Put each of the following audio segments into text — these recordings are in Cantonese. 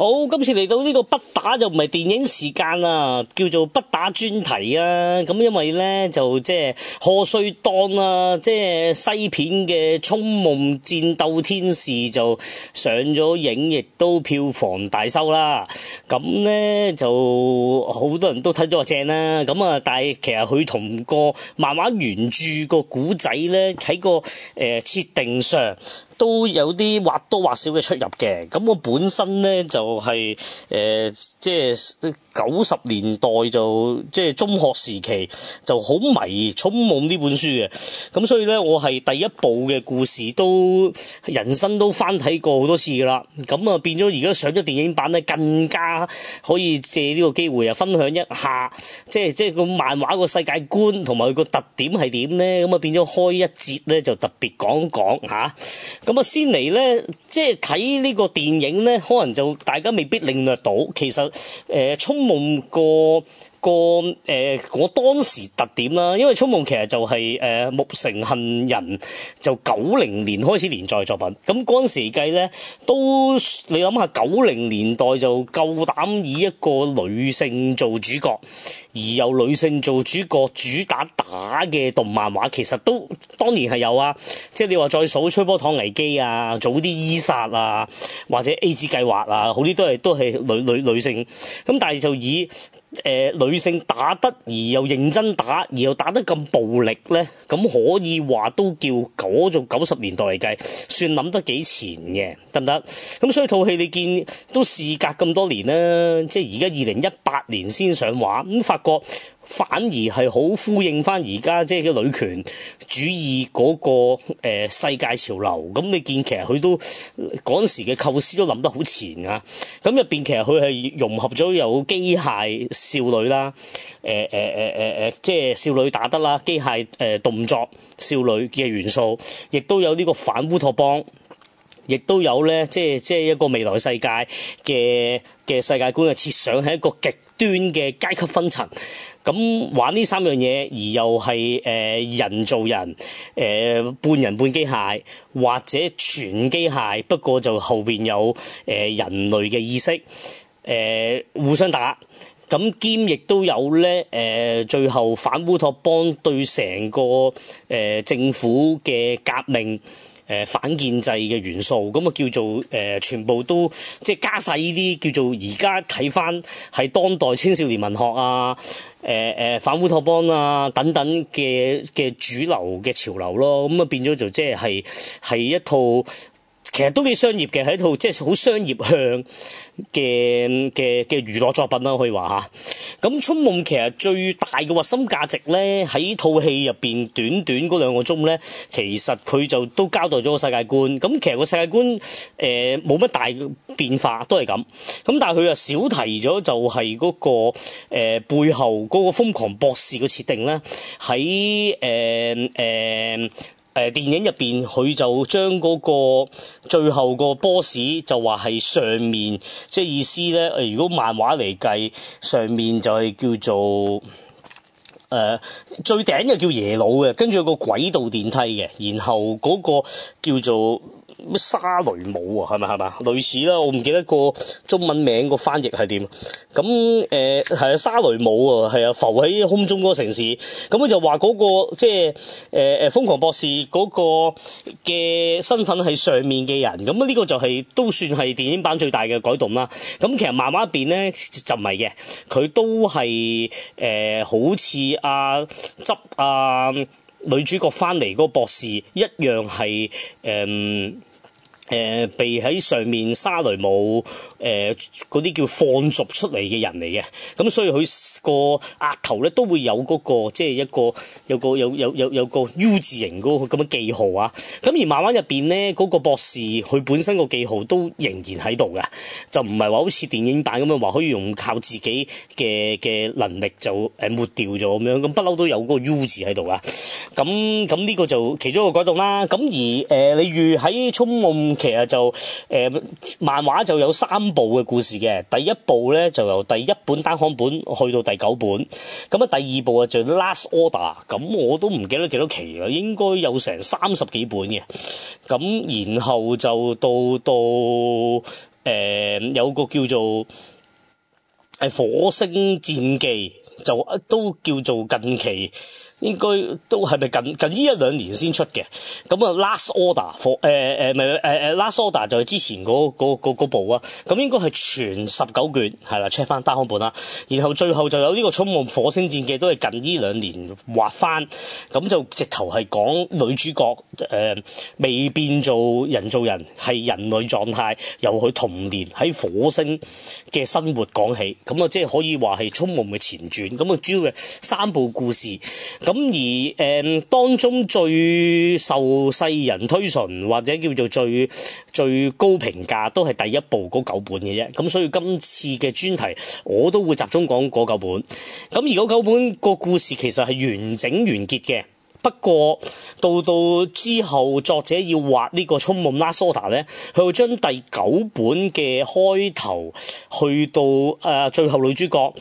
好，今次嚟到呢個不打就唔係電影時間啦，叫做不打專題就就啊。咁因為咧就即係賀歲檔啊，即係西片嘅《銃夢戰鬥天使》就上咗影，亦都票房大收啦。咁咧就好多人都睇咗個正啦。咁啊，但係其實佢同個漫畫原著呢個古仔咧喺個誒設定上，都有啲或多或少嘅出入嘅。咁我本身咧就係誒即係九十年代就即係、就是、中學時期就好迷銃夢呢本書嘅。咁所以咧，我係第一部嘅故事都人生都翻睇過好多次噶啦。咁啊變咗而家上咗電影版咧，更加可以借呢個機會啊分享一下，即係即係個漫畫個世界觀同埋佢個特點係點咧。咁啊變咗開一節咧就特別講講吓。啊咁啊，先嚟咧，即係睇呢個電影咧，可能就大家未必領略到，其實誒，銃夢個。個誒，我、呃、當時特點啦，因為《銃夢》其實就係誒木城杏人就九零年開始連載作品，咁嗰陣時計咧都你諗下，九零年代就夠膽以一個女性做主角，而又女性做主角主打打嘅動漫畫，其實都當然係有啊，即係你話再數《吹波糖危機》啊，早啲《伊薩》啊，或者《A 字計劃》啊，好啲都係都係女女女性，咁但係就以呃、女性打得而又認真打，而又打得咁暴力呢？咁可以話都叫嗰做九十年代嚟計，算諗得幾前嘅，得唔得？咁所以套戲你見都事隔咁多年啦，即係而家二零一八年先上畫，咁發覺。反而係好呼應翻而家即係啲女權主義嗰、那個、呃、世界潮流，咁你見其實佢都嗰陣時嘅構思都諗得好前㗎，咁入邊其實佢係融合咗有機械少女啦，誒誒誒誒誒，即係少女打得啦，機械誒、呃、動作少女嘅元素，亦都有呢個反烏托邦。亦都有咧，即係即係一個未來世界嘅嘅世界觀嘅設想，係一個極端嘅階級分層。咁玩呢三樣嘢，而又係誒、呃、人造人，誒、呃、半人半機械或者全機械，不過就後邊有誒人類嘅意識，誒、呃、互相打。咁兼亦都有咧，誒、呃、最後反烏托邦對成個誒、呃、政府嘅革命。誒，反建制嘅元素，咁啊叫做誒、呃，全部都即係加晒呢啲叫做而家睇翻係當代青少年文學啊，誒，誒，反烏托邦啊等等嘅嘅主流嘅潮流咯，咁啊變咗就即係係係一套。其實都幾商業嘅，係一套即係好商業向嘅嘅嘅娛樂作品啦，可以話吓。咁、嗯《銃夢》其實最大嘅核心價值咧，喺套戲入邊短短嗰兩個鐘咧，其實佢就都交代咗個世界觀。咁、嗯、其實個世界觀誒冇乜大變化，都係咁。咁但係佢又少提咗、那個，就係嗰個誒背後嗰個瘋狂博士嘅設定咧，喺誒誒。呃呃呃誒電影入邊，佢就將嗰個最後個 boss 就話係上面，即係意思咧。誒如果漫畫嚟計，上面就係叫做誒、呃、最頂就叫耶魯嘅，跟住有個軌道電梯嘅，然後嗰個叫做。咩沙雷姆啊，係咪係咪啊？類似啦，我唔記得個中文名個翻譯係點。咁誒係啊，沙雷姆啊，係、嗯、啊，浮喺空中嗰個城市。咁、嗯、佢就話嗰、那個即係誒誒，瘋狂博士嗰個嘅身份係上面嘅人。咁、嗯、呢、這個就係、是、都算係電影版最大嘅改動啦。咁、嗯、其實慢慢變咧就唔係嘅，佢都係誒、呃、好似阿執阿女主角翻嚟嗰個博士一樣係誒。嗯誒、呃、被喺上面沙雷姆誒，嗰啲、呃、叫放逐出嚟嘅人嚟嘅，咁所以佢個額頭咧都會有嗰、嗰個即係一個有個有有有有個 U 字形嗰咁嘅記號啊。咁而漫畫入邊咧嗰個博士佢本身個記號都仍然喺度嘅，就唔係話好似電影版咁樣話可以用靠自己嘅嘅能力就誒抹掉咗咁樣，咁不嬲都有個 U 字喺度啊。咁咁呢個就其中一個改動啦。咁而誒例、呃、如喺《銃夢》。其實就誒、呃、漫畫就有三部嘅故事嘅，第一部咧就由第一本單行本去到第九本，咁啊，第二部啊就 Last Order，咁我都唔記得幾多期啦，應該有成三十幾本嘅，咁然後就到到誒、呃、有個叫做係火星戰記，就都叫做近期。應該都係咪近近依一兩年先出嘅？咁啊，Last Order，誒誒唔係誒誒，Last Order 就係之前嗰部啊。咁應該係全十九卷，係啦，check 翻單行本啦。然後最後就有呢、這個《銃夢火星戰記》，都係近呢兩年畫翻。咁就直頭係講女主角誒、呃、未變做人造人，係人類狀態，由佢童年喺火星嘅生活講起。咁啊，即係可以話係《銃夢》嘅前傳。咁啊，主要嘅三部故事。咁而誒、嗯、當中最受世人推崇或者叫做最最高評價都係第一部嗰九本嘅啫，咁所以今次嘅專題我都會集中講嗰九本。咁而嗰九本個故事其實係完整完結嘅，不過到到之後作者要畫呢、這個《銃夢 Last Order》咧，佢會將第九本嘅開頭去到誒、呃、最後女主角，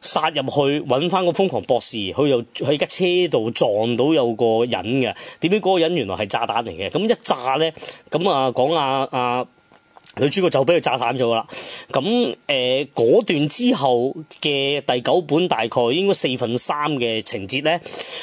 殺入去揾翻個瘋狂博士，佢又喺架車度撞到有個人嘅，點知嗰個人原來係炸彈嚟嘅，咁一炸咧，咁啊講啊啊。女主角就俾佢炸散咗啦。咁誒、呃、段之後嘅第九本，大概應該四分三嘅情節咧，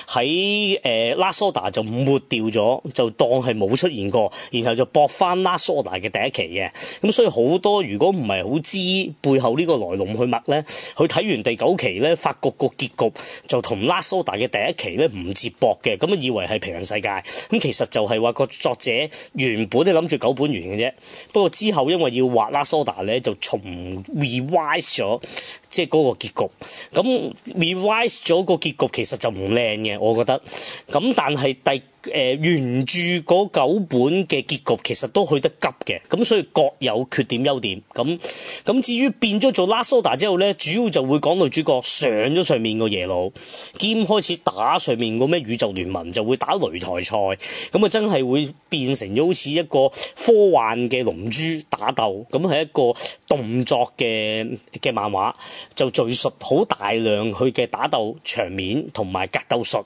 喺 Last Order 就抹掉咗，就當係冇出現過，然後就駁返 Last Order 嘅第一期嘅。咁所以好多如果唔係好知背後呢個來龍去脈咧，佢睇完第九期咧，發覺個結局就同 Last Order 嘅第一期咧唔接駁嘅，咁啊以為係平行世界。咁其實就係話、個作者原本咧諗住九本完嘅啫，不過之後。因為要畫 Last Order 咧，就重 revise 咗，即係嗰個結局。咁 revise 咗個結局其實就唔靚嘅，我覺得。咁但係第誒原著九本嘅結局其實都去得急嘅，咁所以各有缺點優點，咁咁至於變咗做 Last Order 之後咧，主要就會講女主角上咗上面個耶路兼開始打上面個咩宇宙聯盟，就會打擂台賽，咁啊真係會變成咗好似一個科幻嘅龍珠打鬥，咁係一個動作嘅嘅漫畫就敘述好大量佢嘅打鬥場面同埋格鬥術，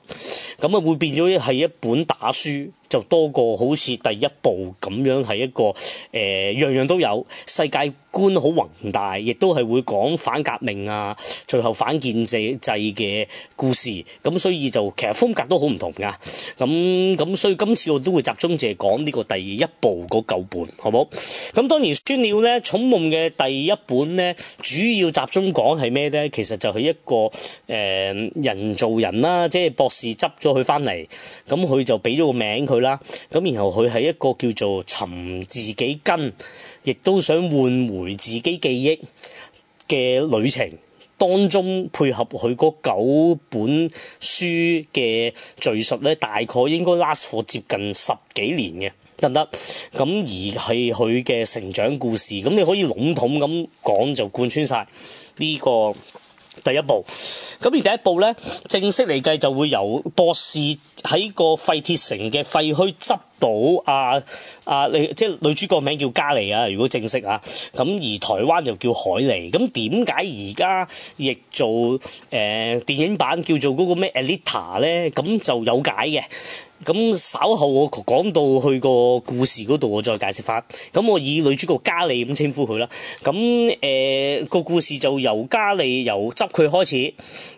咁啊會變咗係一本。打輸。就多過好似第一部咁樣，係一個誒樣、呃、樣都有世界觀，好宏大，亦都係會講反革命啊，最後反建制制嘅故事，咁所以就其實風格都好唔同噶。咁咁所以今次我都會集中借講呢個第一部嗰舊本，好唔好？咁當然孫了咧，《銃夢》嘅第一本咧，主要集中講係咩咧？其實就係一個誒、呃、人造人啦，即係博士執咗佢翻嚟，咁佢就俾咗個名佢。啦，咁然後佢係一個叫做尋自己根，亦都想換回自己記憶嘅旅程當中，配合佢嗰九本書嘅敍述咧，大概應該 last for 接近十幾年嘅得唔得？咁而係佢嘅成長故事，咁你可以籠統咁講就貫穿晒呢個。第一步，咁而第一步咧，正式嚟計就會由博士喺個廢鐵城嘅廢墟執。到啊啊，你、啊、即係女主角名叫嘉莉啊，如果正式啊，咁而台灣就叫海莉。咁點解而家亦做誒、呃、電影版叫做嗰個咩艾麗塔咧？咁就有解嘅，咁稍後我講到去個故事嗰度，我再解釋翻。咁我以女主角嘉莉咁稱呼佢啦。咁誒個故事就由嘉莉由執佢開始。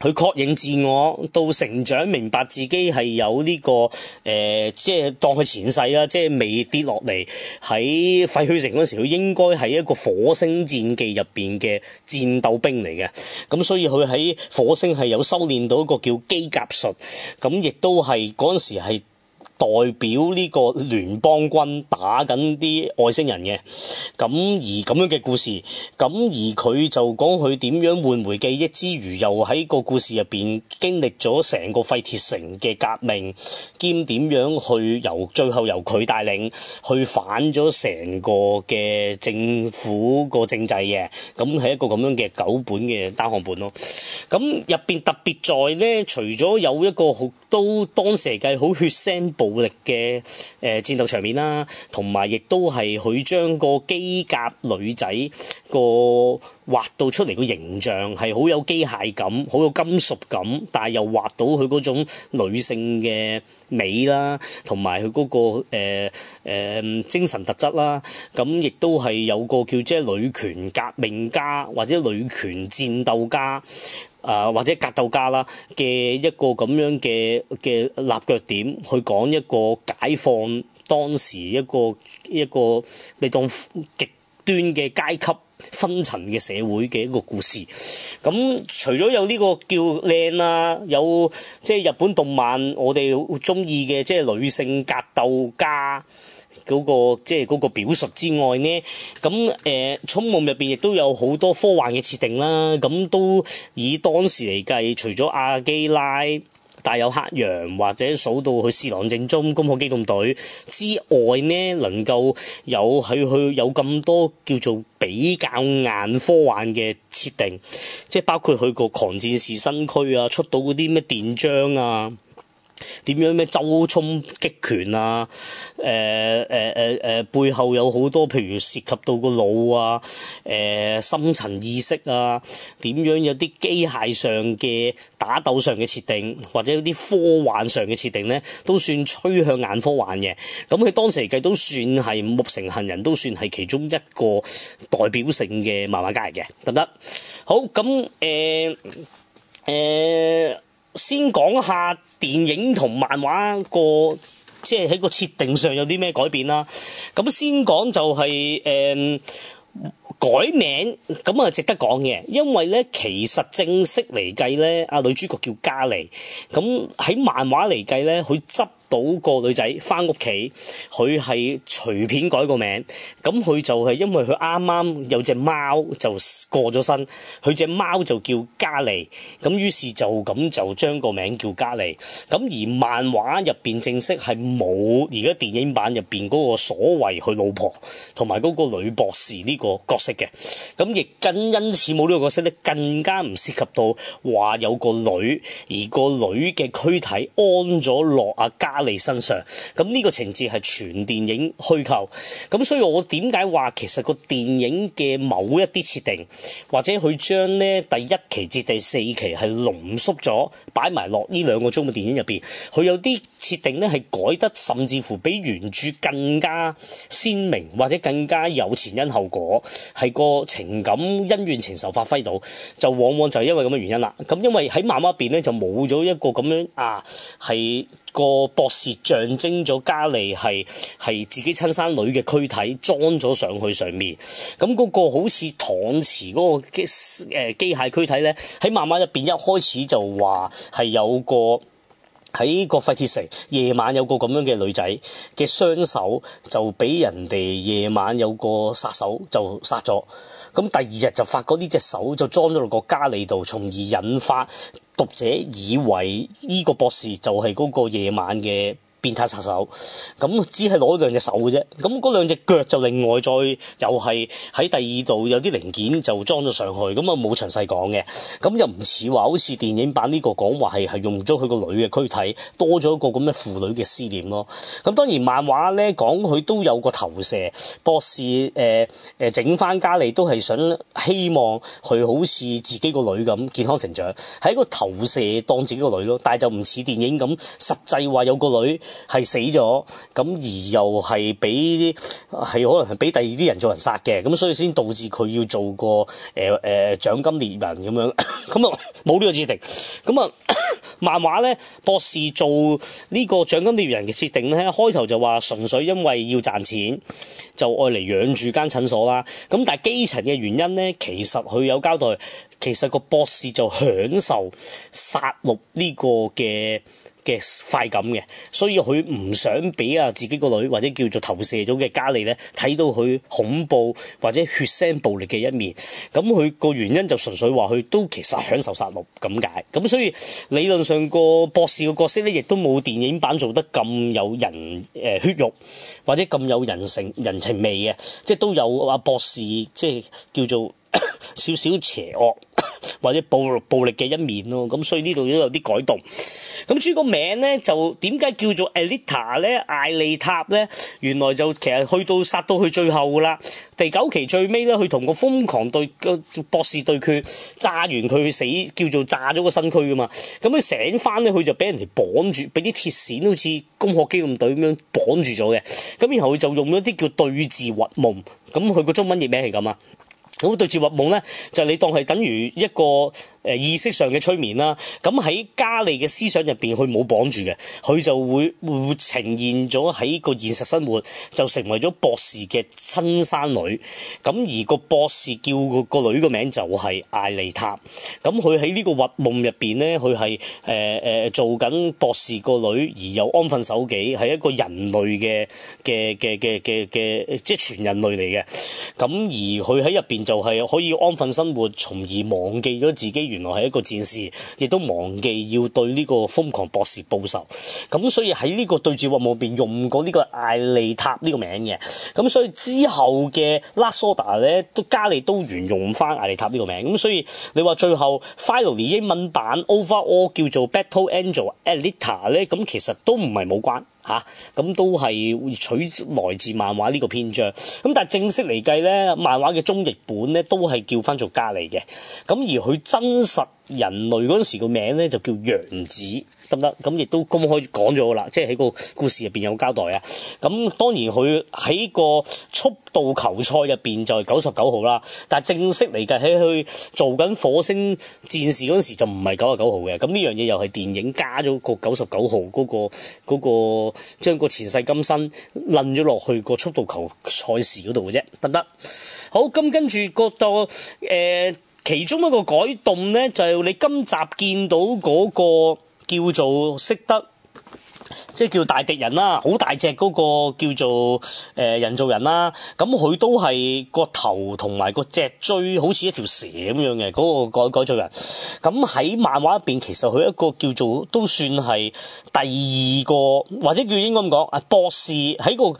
佢確認自我到成長，明白自己係有呢、這個誒、呃，即係當佢前世啦，即係未跌落嚟喺廢墟城嗰時候，佢應該係一個火星戰記入邊嘅戰鬥兵嚟嘅。咁所以佢喺火星係有修煉到一個叫機甲術，咁亦都係嗰陣時係。代表呢個聯邦軍打緊啲外星人嘅，咁而咁樣嘅故事，咁而佢就講佢點樣換回記憶之餘又喺個故事入邊經歷咗成個廢鐵城嘅革命，兼點樣去由最後由佢帶領去反咗成個嘅政府個政制嘅，咁係一個咁樣嘅九本嘅單行本咯。咁入邊特別在咧，除咗有一個好都當時計好血腥武力嘅，誒、呃，戰鬥場面啦，同埋亦都係佢將個機甲女仔個畫到出嚟個形象係好有機械感，好有金屬感，但係又畫到佢嗰種女性嘅美啦，同埋佢嗰個誒誒、呃呃、精神特質啦。咁亦都係有個叫即係女權革命家或者女權戰鬥家。啊，或者格鬥家啦嘅一個咁樣嘅嘅立腳點去講一個解放當時一個一個嚟講極端嘅階級分層嘅社會嘅一個故事。咁除咗有呢個叫靚啦，有即係日本動漫我哋鍾意嘅，即係女性格鬥家。嗰、那個即係嗰個表述之外呢，咁誒，《銃、呃、夢》入邊亦都有好多科幻嘅設定啦。咁都以當時嚟計，除咗阿基拉，但有黑羊或者數到佢士郎正宗攻殼機動隊之外呢，能夠有喺佢有咁多叫做比較硬科幻嘅設定，即係包括佢個狂戰士身軀啊，出到嗰啲咩電漿啊～點樣咩？周衝擊拳啊！誒誒誒誒，背後有好多，譬如涉及到個腦啊、誒、呃、深層意識啊，點樣有啲機械上嘅打鬥上嘅設定，或者有啲科幻上嘅設定咧，都算趨向硬科幻嘅。咁佢當時嚟計都算係木城行，人都算係其中一個代表性嘅漫畫家嚟嘅。得得，好咁誒誒。先講下電影同漫畫個即係喺個設定上有啲咩改變啦。咁先講就係，是，誒，嗯，改名，咁啊值得講嘅，因為咧其實正式嚟計咧，阿女主角叫嘉莉。咁喺漫畫嚟計咧，佢執。到個女仔翻屋企，佢係隨便改個名，咁佢就係因為佢啱啱有隻貓就過咗身，佢隻貓就叫嘉莉，咁於是就咁就將個名叫嘉莉，咁而漫畫入邊正式係冇，而家電影版入邊嗰個所謂佢老婆同埋嗰個女博士呢個角色嘅，咁亦更因此冇呢個角色咧，更加唔涉及到話有個女，而個女嘅軀體安咗落阿加。你身上，咁呢個情節係全電影虛構，咁所以我點解話其實個電影嘅某一啲設定，或者佢將咧第一期至第四期係濃縮咗，擺埋落呢兩個鐘嘅電影入邊，佢有啲設定咧係改得甚至乎比原著更加鮮明，或者更加有前因後果，係個情感恩怨情仇發揮到，就往往就係因為咁嘅原因啦。咁因為喺漫畫入邊咧就冇咗一個咁樣啊係。個博士象徵咗嘉利係係自己親生女嘅軀體裝咗上去上面，咁嗰個好似躺屍嗰個機，機械軀體呢，喺漫畫入邊一開始就話係有個喺個廢鐵城夜晚有個咁樣嘅女仔嘅雙手就俾人哋夜晚有個殺手就殺咗，咁第二日就發覺呢隻手就裝咗落個嘉利度，從而引發。讀者以為呢個博士就係嗰個夜晚嘅。變態殺手，咁只係攞兩隻手嘅啫，咁嗰兩隻腳就另外再又係喺第二度有啲零件就裝咗上去，咁啊冇詳細講嘅，咁又唔似話好似電影版呢個講話係係用咗佢個女嘅軀體，多咗一個咁嘅父女嘅思念咯。咁當然漫畫咧講佢都有個投射，博士誒誒、呃、整翻加利都係想希望佢好似自己個女咁健康成長，喺一個投射當自己個女咯，但係就唔似電影咁實際話有個女。係死咗，咁而又係俾啲係可能係俾第二啲人做人殺嘅，咁所以先導致佢要做個誒誒獎金獵人咁樣，咁啊冇呢個設定，咁啊 漫畫咧，博士做個呢個獎金獵人嘅設定咧，開頭就話純粹因為要賺錢，就愛嚟養住間診所啦，咁但係基層嘅原因咧，其實佢有交代，其實個博士就享受殺戮呢個嘅。嘅快感嘅，所以佢唔想俾啊自己個女或者叫做投射咗嘅嘉利咧睇到佢恐怖或者血腥暴力嘅一面。咁佢個原因就純粹話佢都其實享受殺戮咁解。咁所以理論上個博士嘅角色咧，亦都冇電影版做得咁有人誒血肉或者咁有人情人情味嘅，即係都有話、啊、博士即係叫做。少少 邪惡 或者暴力暴力嘅一面咯，咁所以呢度都有啲改動。咁至於個名咧，就點解叫做 Elita 咧？艾利塔咧，原來就其實去到殺到佢最後噶啦，第九期最尾咧，佢同個瘋狂對博士對決，炸完佢死叫做炸咗個身軀噶嘛。咁佢醒翻咧，佢就俾人哋綁住，俾啲鐵線好似攻殼機動隊咁樣綁住咗嘅。咁然後佢就用咗啲叫對字混蒙，咁佢個中文譯名係咁啊。咁對住銃夢咧，就你當係等於一個。誒，意識上嘅催眠啦，咁喺加利嘅思想入邊，佢冇綁住嘅，佢就會會呈現咗喺個現實生活，就成為咗博士嘅親生女。咁而個博士叫個個女個名就係艾莉塔。咁佢喺呢個噩夢入邊咧，佢係誒誒做緊博士個女，而又安分守己，係一個人類嘅嘅嘅嘅嘅嘅，即係全人類嚟嘅。咁而佢喺入邊就係可以安分生活，從而忘記咗自己。原來係一個戰士，亦都忘記要對呢個瘋狂博士報仇，咁、嗯、所以喺呢個對戰話我邊用過呢個艾莉塔呢個名嘅，咁、嗯、所以之後嘅 Last Order 咧都加利都沿用返艾莉塔呢個名，咁、嗯、所以你話最後 Finally 英文版 Overall 叫做 Battle Angel Alita 咧，咁、嗯、其實都唔係冇關。吓，咁、啊、都係取來自漫畫呢個篇章。咁但係正式嚟計咧，漫畫嘅中譯本咧都係叫翻做加利嘅。咁而佢真實。人類嗰陣時個名咧就叫楊子，得唔得？咁亦都公開講咗啦，即係喺個故事入邊有交代啊。咁當然佢喺個,、那個那個、個,個速度球賽入邊就係九十九號啦，但係正式嚟計喺去做緊火星戰士嗰陣時就唔係九十九號嘅。咁呢樣嘢又係電影加咗個九十九號嗰個嗰個將個前世今生撚咗落去個速度球賽事嗰度嘅啫，得唔得？好，咁跟住、那個度。誒、欸。其中一個改動咧，就係、是、你今集見到嗰個叫做識得。即係叫大敵人啦，好大隻個叫做誒人造人啦。咁佢都係個頭同埋個脊椎好似一條蛇咁樣嘅嗰個改改造人。咁喺漫畫入邊，其實佢一個叫做都算係第二個或者叫應該咁講啊博士喺個誒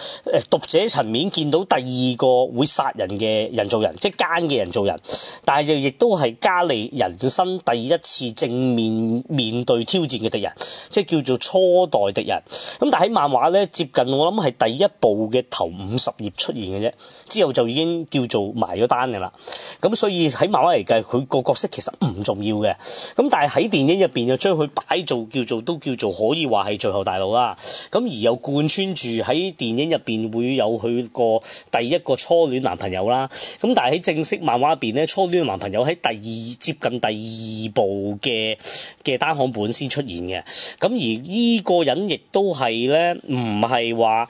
讀者層面見到第二個會殺人嘅人造人，即係奸嘅人造人。但係就亦都係加利人生第一次正面面對挑戰嘅敵人，即係叫做初代敵人。咁但喺漫畫咧，接近我諗係第一部嘅頭五十頁出現嘅啫，之後就已經叫做埋咗單嘅啦。咁、嗯、所以喺漫畫嚟計，佢個角色其實唔重要嘅。咁、嗯、但係喺電影入邊，就將佢擺做叫做都叫做可以話係最後大佬啦。咁、嗯、而又貫穿住喺電影入邊會有佢個第一個初戀男朋友啦。咁、嗯、但係喺正式漫畫入邊咧，初戀男朋友喺第二接近第二部嘅嘅單行本先出現嘅。咁、嗯、而呢個人亦～都係咧，唔係話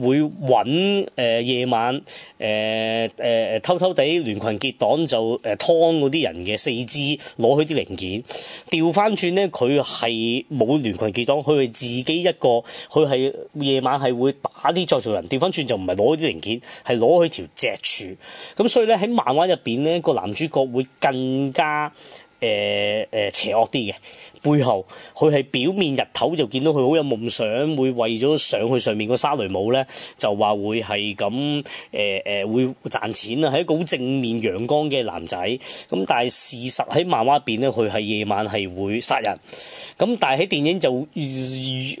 會揾誒、呃、夜晚誒誒誒偷偷地聯群結黨就誒劏嗰啲人嘅四肢，攞佢啲零件。調翻轉咧，佢係冇聯群結黨，佢係自己一個，佢係夜晚係會打啲再造人。調翻轉就唔係攞啲零件，係攞佢條脊柱。咁所以咧，喺漫畫入邊咧，個男主角會更加。誒誒、呃呃、邪惡啲嘅背後，佢係表面日頭就見到佢好有夢想，會為咗上去上面個沙雷姆咧，就話會係咁誒誒會賺錢啊，係一個好正面陽光嘅男仔。咁但係事實喺漫畫入邊咧，佢係夜晚係會殺人。咁但係喺電影就、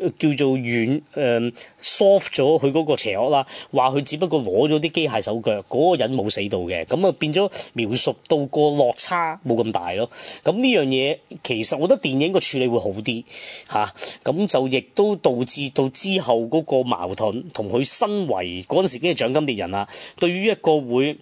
呃、叫做軟誒 soft 咗佢嗰個邪惡啦，話佢只不過攞咗啲機械手腳，嗰、嗰個人冇死到嘅。咁啊變咗描述到個落差冇咁大咯。咁呢樣嘢其實我覺得電影個處理會好啲吓。咁、啊、就亦都導致到之後嗰個矛盾同佢身為嗰陣時已經係獎金獵人啊，對於一個會。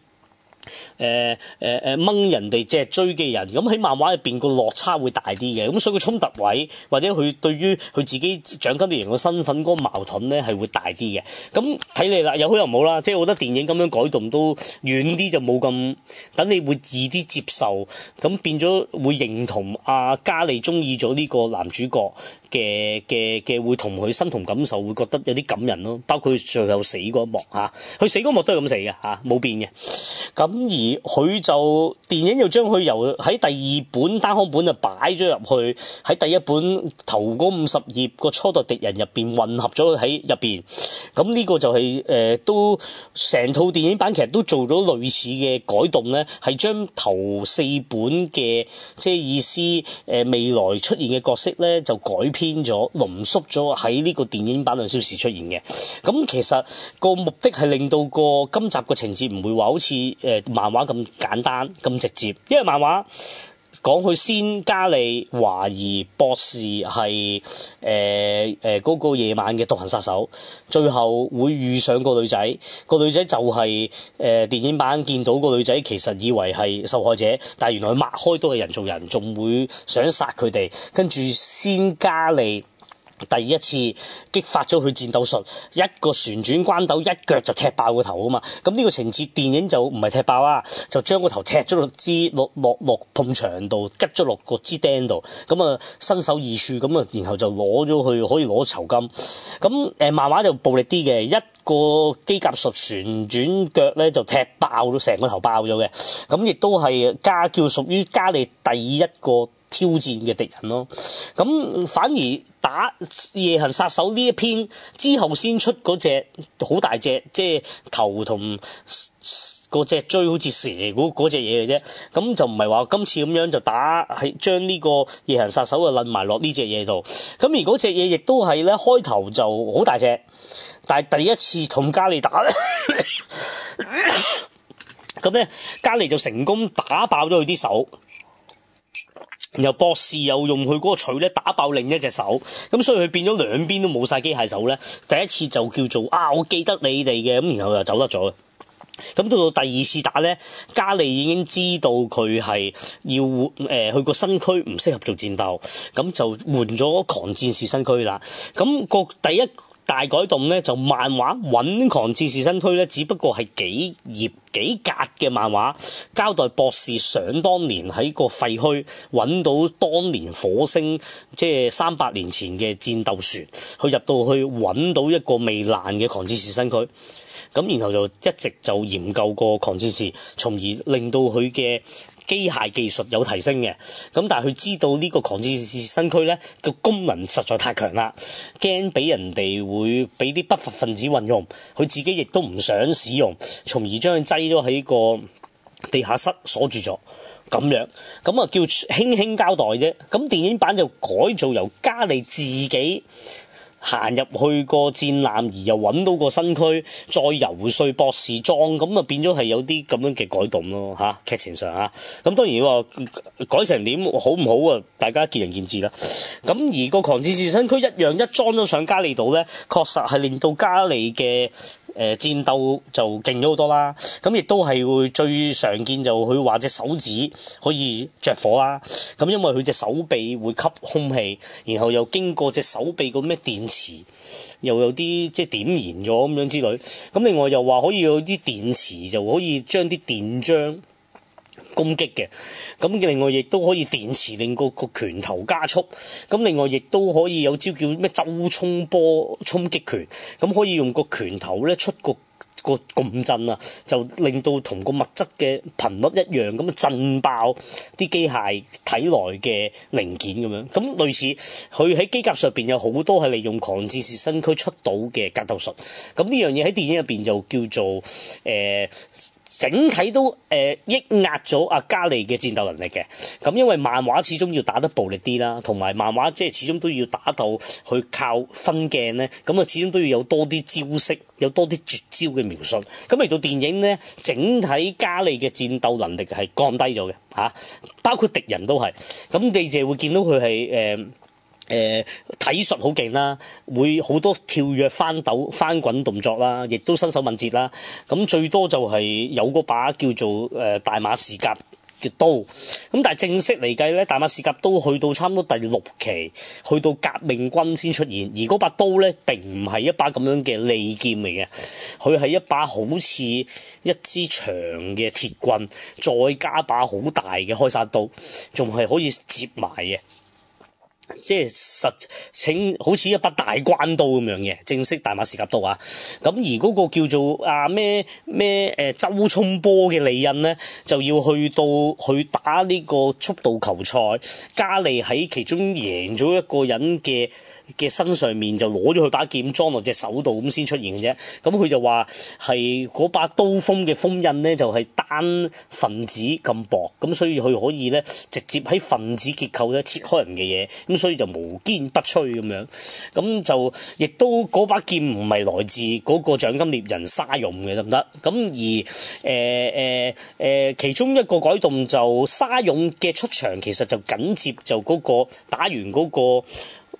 誒誒誒，掹人哋即係追記人，咁喺漫畫入邊個落差會大啲嘅，咁所以佢衝突位或者佢對於佢自己獎金獵人個身份嗰個矛盾咧係會大啲嘅。咁睇你啦，有好又有唔好啦，即係我覺得電影咁樣改動都遠啲，就冇咁等你會易啲接受，咁變咗會認同阿、啊、嘉莉中意咗呢個男主角。嘅嘅嘅會同佢身同感受，會覺得有啲感人咯。包括最後死嗰一幕吓，佢、啊、死嗰一幕都係咁死嘅，吓冇變嘅。咁而佢就電影又將佢由喺第二本單行本啊擺咗入去，喺第一本頭五十頁個初代敵人入邊，混合咗喺入邊。咁呢個就係、是、誒、呃、都成套電影版其實都做咗類似嘅改動咧，係將頭四本嘅即係意思誒、呃、未來出現嘅角色咧就改變。偏咗，濃縮咗喺呢個電影版兩小時出現嘅。咁其實個目的係令到個今集個情節唔會話好似誒漫畫咁簡單咁直接，因為漫畫。講佢先加利懷疑博士係誒誒嗰個夜晚嘅獨行殺手，最後會遇上個女仔，個女仔就係、是、誒、呃、電影版見到個女仔，其實以為係受害者，但係原來抹開都係人造人，仲會想殺佢哋，跟住先加利。第一次激發咗佢戰鬥術，一個旋轉關鬥一腳就踢爆個頭啊嘛！咁呢個情節電影就唔係踢爆啦，就將個頭踢咗落支落落落碰牆度，拮咗落個支釘度。咁啊身首異處咁啊，然後就攞咗佢可以攞酬金。咁誒漫畫就暴力啲嘅，一個機甲術旋轉腳咧就踢爆咗成個頭爆咗嘅。咁亦都係家叫屬於加利第一個挑戰嘅敵人咯，咁、嗯、反而打夜行殺手呢一篇之後先出嗰隻好大隻，即係頭同個脊椎好似蛇嗰嗰隻嘢嘅啫。咁就唔係話今次咁樣就打，係將呢個夜行殺手啊撚埋落呢隻嘢度。咁而果隻嘢亦都係咧，開頭就好大隻，但係第一次同嘉利打，咁咧嘉利就成功打爆咗佢啲手。然後博士又用佢嗰個鎚咧打爆另一隻手，咁所以佢變咗兩邊都冇晒機械手咧。第一次就叫做啊，我記得你哋嘅，咁然後又走得咗。咁到到第二次打咧，加利已經知道佢係要誒、呃、去個身軀唔適合做戰鬥，咁就換咗狂戰士身軀啦。咁、那個第一。大改動咧，就漫畫揾狂戰士身軀咧，只不過係幾頁幾格嘅漫畫，交代博士想當年喺個廢墟揾到當年火星，即係三百年前嘅戰鬥船，去入到去揾到一個未爛嘅狂戰士身軀，咁然後就一直就研究過狂戰士，從而令到佢嘅，機械技術有提升嘅，咁但係佢知道呢個狂戰士身軀咧，個功能實在太強啦，驚俾人哋會俾啲不法分子運用，佢自己亦都唔想使用，從而將佢擠咗喺個地下室鎖住咗，咁樣，咁啊叫輕輕交代啫，咁電影版就改造由加利自己。行入去個戰艦而又揾到個身軀，再遊説博士裝咁。啊，變咗係有啲咁樣嘅改動咯，吓，劇情上嚇。咁當然喎，改成點好唔好啊？大家見仁見智啦。咁而個狂戰士身軀一樣一裝咗上加利度咧，確實係令到加利嘅。誒戰鬥就勁咗好多啦，咁亦都係會最常見就佢話隻手指可以着火啦，咁因為佢隻手臂會吸空氣，然後又經過隻手臂個咩電池，又有啲即係點燃咗咁樣之類，咁另外又話可以有啲電池就可以將啲電漿攻擊嘅，咁另外亦都可以電磁令個個拳頭加速，咁另外亦都可以有招叫咩？周衝波衝擊拳，咁可以用個拳頭咧出個個共振啊，就令到同個物質嘅頻率一樣，咁啊震爆啲機械體內嘅零件咁樣，咁類似佢喺機甲上邊有好多係利用狂戰士身軀出到嘅格鬥術，咁呢樣嘢喺電影入邊就叫做誒。呃整體都誒抑壓咗阿加利嘅戰鬥能力嘅，咁因為漫畫始終要打得暴力啲啦，同埋漫畫即係始終都要打鬥去靠分鏡咧，咁啊始終都要有多啲招式，有多啲絕招嘅描述。咁嚟到電影咧，整體加利嘅戰鬥能力係降低咗嘅嚇，包括敵人都係。咁你就會見到佢係誒。誒、呃、體術好勁啦，會好多跳躍翻斗、翻滾動作啦，亦都身手敏捷啦。咁最多就係有個把叫做誒大馬士革嘅刀。咁但係正式嚟計咧，大馬士革刀去到差唔多第六期，去到革命軍先出現。而嗰把刀咧並唔係一把咁樣嘅利劍嚟嘅，佢係一把好似一支長嘅鐵棍，再加把好大嘅開山刀，仲係可以接埋嘅。即係實情，好似一把大關刀咁樣嘅，正式大馬士革刀啊！咁而嗰個叫做啊咩咩誒周沖波嘅利刃咧，就要去到去打呢個速度球賽，加利喺其中贏咗一個人嘅嘅身上面就攞咗佢把劍裝落隻手度咁先出現嘅啫。咁佢就話係嗰把刀鋒嘅封印咧，就係單分子咁薄，咁所以佢可以咧直接喺分子結構咧切開人嘅嘢。所以就無堅不摧咁樣，咁就亦都嗰把劍唔係來自嗰個獎金獵人沙勇嘅，得唔得？咁而誒誒誒，其中一個改動就沙勇嘅出場，其實就緊接就嗰個打完嗰個。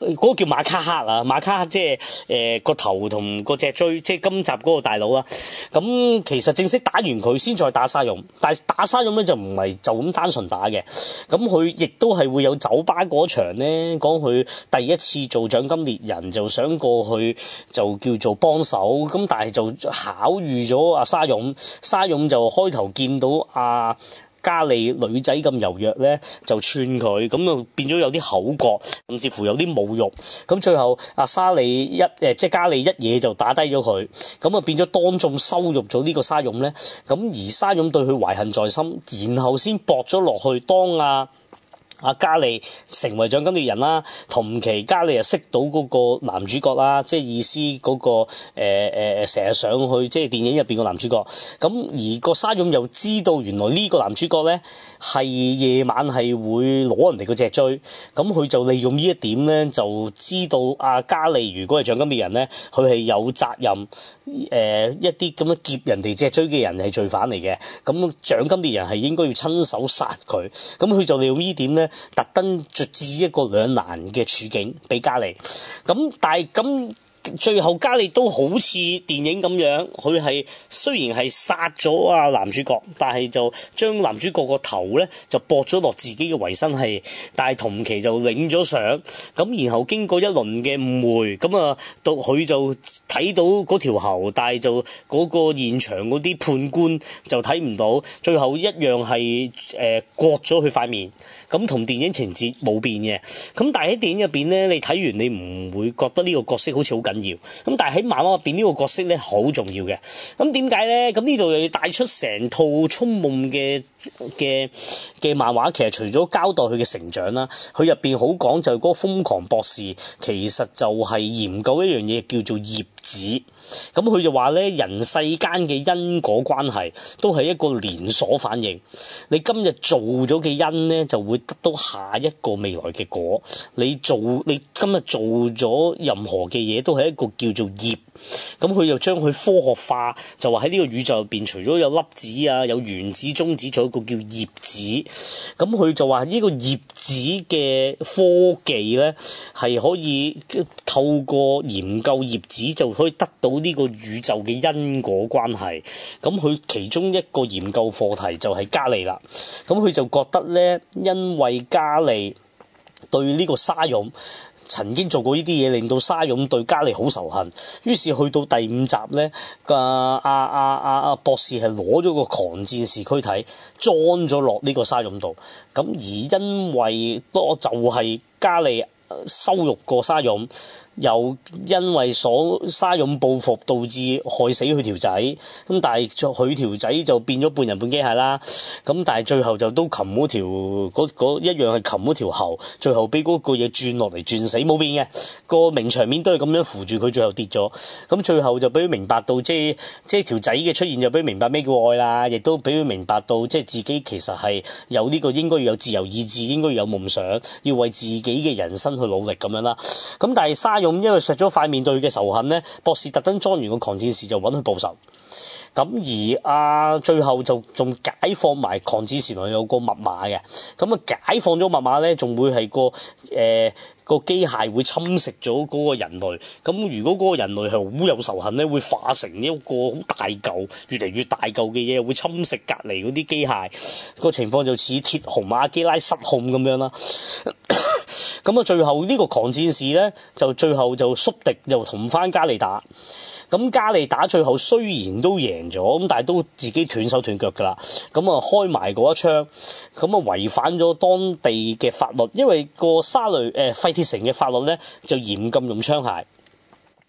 嗰個叫馬卡克啊，馬卡克即係誒個頭同個脊椎，即係今集嗰個大佬啦。咁其實正式打完佢先再打沙勇，但係打沙勇咧就唔係就咁單純打嘅。咁佢亦都係會有酒吧嗰場咧，講佢第一次做獎金獵人就想過去就叫做幫手，咁但係就巧遇咗阿沙勇，沙勇就開頭見到阿、啊。加利女仔咁柔弱咧，就串佢，咁又變咗有啲口角，甚至乎有啲侮辱。咁最後阿沙莉一誒，即係加利一嘢就打低咗佢，咁啊變咗當眾羞辱咗呢個沙勇咧。咁而沙勇對佢懷恨在心，然後先搏咗落去當阿、啊。啊，嘉莉成為獎金獵人啦，同期嘉莉又識到嗰個男主角啦，即係意思嗰個誒誒誒，成日上去即係電影入邊個男主角。咁、那個呃呃、而個沙勇又知道原來呢個男主角咧。係夜晚係會攞人哋個脊椎，咁佢就利用呢一點咧，就知道啊。嘉利如果係獎金嘅人咧，佢係有責任。誒、呃，一啲咁樣劫人哋脊椎嘅人係罪犯嚟嘅，咁獎金嘅人係應該要親手殺佢。咁佢就利用呢點咧，特登著置一個兩難嘅處境俾嘉利。咁但係咁。最後加利都好似電影咁樣，佢係雖然係殺咗啊男主角，但係就將男主角個頭咧就駁咗落自己嘅維生器，但係同期就領咗相咁，然後經過一輪嘅誤會，咁、嗯、啊到佢就睇到嗰條喉帶，但就嗰、那個現場嗰啲判官就睇唔到。最後一樣係誒、呃、割咗佢塊面，咁、嗯、同電影情節冇變嘅。咁但係喺電影入邊咧，你睇完你唔會覺得呢個角色好似好緊要，咁但係喺漫畫入邊，呢個角色咧好重要嘅。咁點解咧？咁呢度又要帶出成套《銃夢》嘅嘅嘅漫畫。其實除咗交代佢嘅成長啦，佢入邊好講就係嗰個瘋狂博士，其實就係研究一樣嘢叫做業。子咁佢就話咧，人世間嘅因果關係都係一個連鎖反應。你今日做咗嘅因咧，就會得到下一個未來嘅果。你做你今日做咗任何嘅嘢，都係一個叫做業。咁佢又將佢科學化，就話喺呢個宇宙入邊，除咗有粒子啊、有原子、中子，仲有一個叫葉子。咁佢就話呢個葉子嘅科技咧，係可以透過研究葉子就可以得到呢個宇宙嘅因果關係。咁佢其中一個研究課題就係加利啦。咁佢就覺得咧，因為加利對呢個沙蛹。曾經做過呢啲嘢，令到沙勇對嘉利好仇恨。於是去到第五集咧，個阿阿阿阿博士係攞咗個狂戰士軀體裝咗落呢個沙勇度。咁而因為多就係、是、嘉利羞辱過沙勇。又因為所沙勇報復，導致害死佢條仔，咁但係佢條仔就變咗半人半機械啦，咁但係最後就都擒條條一樣係擒條喉，最後俾個嘢轉落嚟轉死冇變嘅，個名場面都係咁樣扶住佢最後跌咗，咁最後就俾佢明白到即係即係條仔嘅出現就俾佢明白咩叫愛啦，亦都俾佢明白到即係自己其實係有呢個應該要有自由意志，應該要有夢想，要為自己嘅人生去努力咁樣啦，咁但係沙勇。咁因為削咗塊面對嘅仇恨咧，博士特登裝完個狂戰士就揾佢報仇。咁而啊，最後就仲解放埋狂戰士內有個密碼嘅。咁啊解放咗密碼咧，仲會係個誒個機械會侵蝕咗嗰個人類。咁如果嗰個人類係好有仇恨咧，會化成一個好大舊越嚟越大舊嘅嘢，會侵蝕隔離嗰啲機械。個情況，就似鐵雄阿基拉失控咁樣啦。咁啊，最後呢個狂戰士咧，就最後就縮敵，又同翻加利打。咁加利打最後雖然都贏咗，咁但係都自己斷手斷腳㗎啦。咁啊，開埋嗰一槍，咁啊違反咗當地嘅法律，因為個沙雷誒廢鐵城嘅法律咧，就嚴禁用槍械。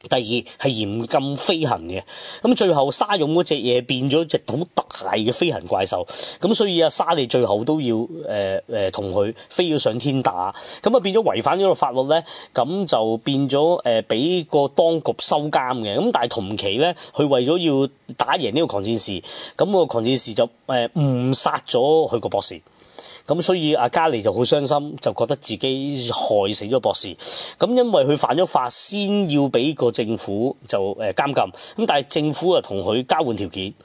第二係嚴禁飛行嘅，咁最後沙勇嗰隻嘢變咗隻好大嘅飛行怪獸，咁所以啊沙利最後都要誒誒同佢飛咗上天打，咁啊變咗違反咗個法律咧，咁就變咗誒俾個當局收監嘅，咁但係同期咧，佢為咗要打贏呢個狂戰士，咁個狂戰士就誒誤殺咗佢個博士。咁所以阿嘉莉就好傷心，就覺得自己害死咗博士。咁因為佢犯咗法，先要俾個政府就誒監禁。咁但係政府啊同佢交換條件，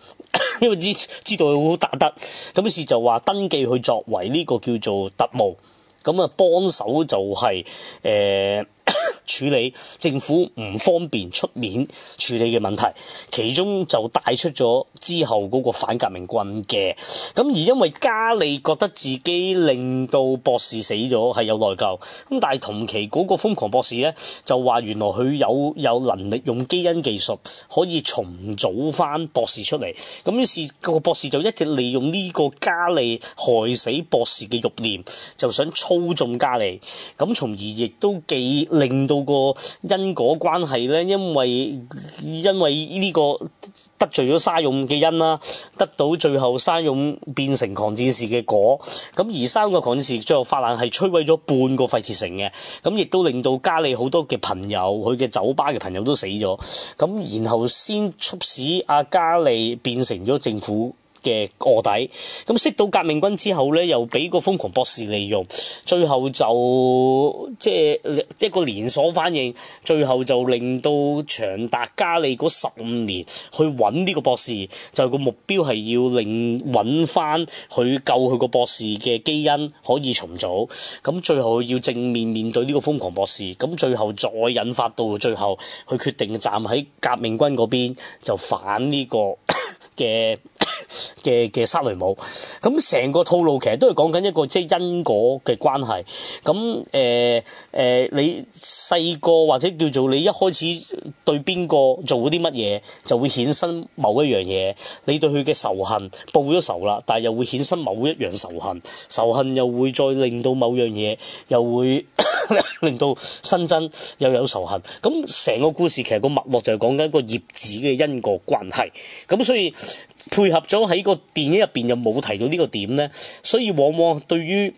因為知知道佢好打得，咁於是就話登記佢作為呢個叫做特務。咁啊，幫手就係、是、誒、欸、 處理政府唔方便出面處理嘅問題，其中就帶出咗之後嗰個反革命軍嘅。咁而因為加利覺得自己令到博士死咗係有內疚，咁但係同期嗰個瘋狂博士咧就話原來佢有有能力用基因技術可以重組翻博士出嚟，咁於是個博士就一直利用呢個加利害死博士嘅欲念，就想高中加利，咁從而亦都幾令到個因果關係咧，因為因為呢個得罪咗沙勇嘅因啦，得到最後沙勇變成狂戰士嘅果，咁而三個狂戰士最後發難係摧毀咗半個廢鐵城嘅，咁亦都令到加利好多嘅朋友，佢嘅酒吧嘅朋友都死咗，咁然後先促使阿加利變成咗政府。嘅卧底，咁識到革命軍之後咧，又俾個瘋狂博士利用，最後就即係一個連鎖反應，最後就令到長達加利嗰十五年去揾呢個博士，就個目標係要令揾翻佢救佢個博士嘅基因可以重組，咁最後要正面面對呢個瘋狂博士，咁最後再引發到最後，佢決定站喺革命軍嗰邊就反呢個嘅。 嘅嘅沙雷姆，咁成個套路其實都係講緊一個即係因果嘅關係。咁誒誒，你細個或者叫做你一開始對邊個做啲乜嘢，就會衍生某一樣嘢。你對佢嘅仇恨報咗仇啦，但係又會衍生某一樣仇恨，仇恨又會再令到某樣嘢又會 令到新增又有仇恨。咁成個故事其實個脈絡就係講緊一個葉子嘅因果關係。咁所以。配合咗喺個電影入邊又冇提到呢個點咧，所以往往對於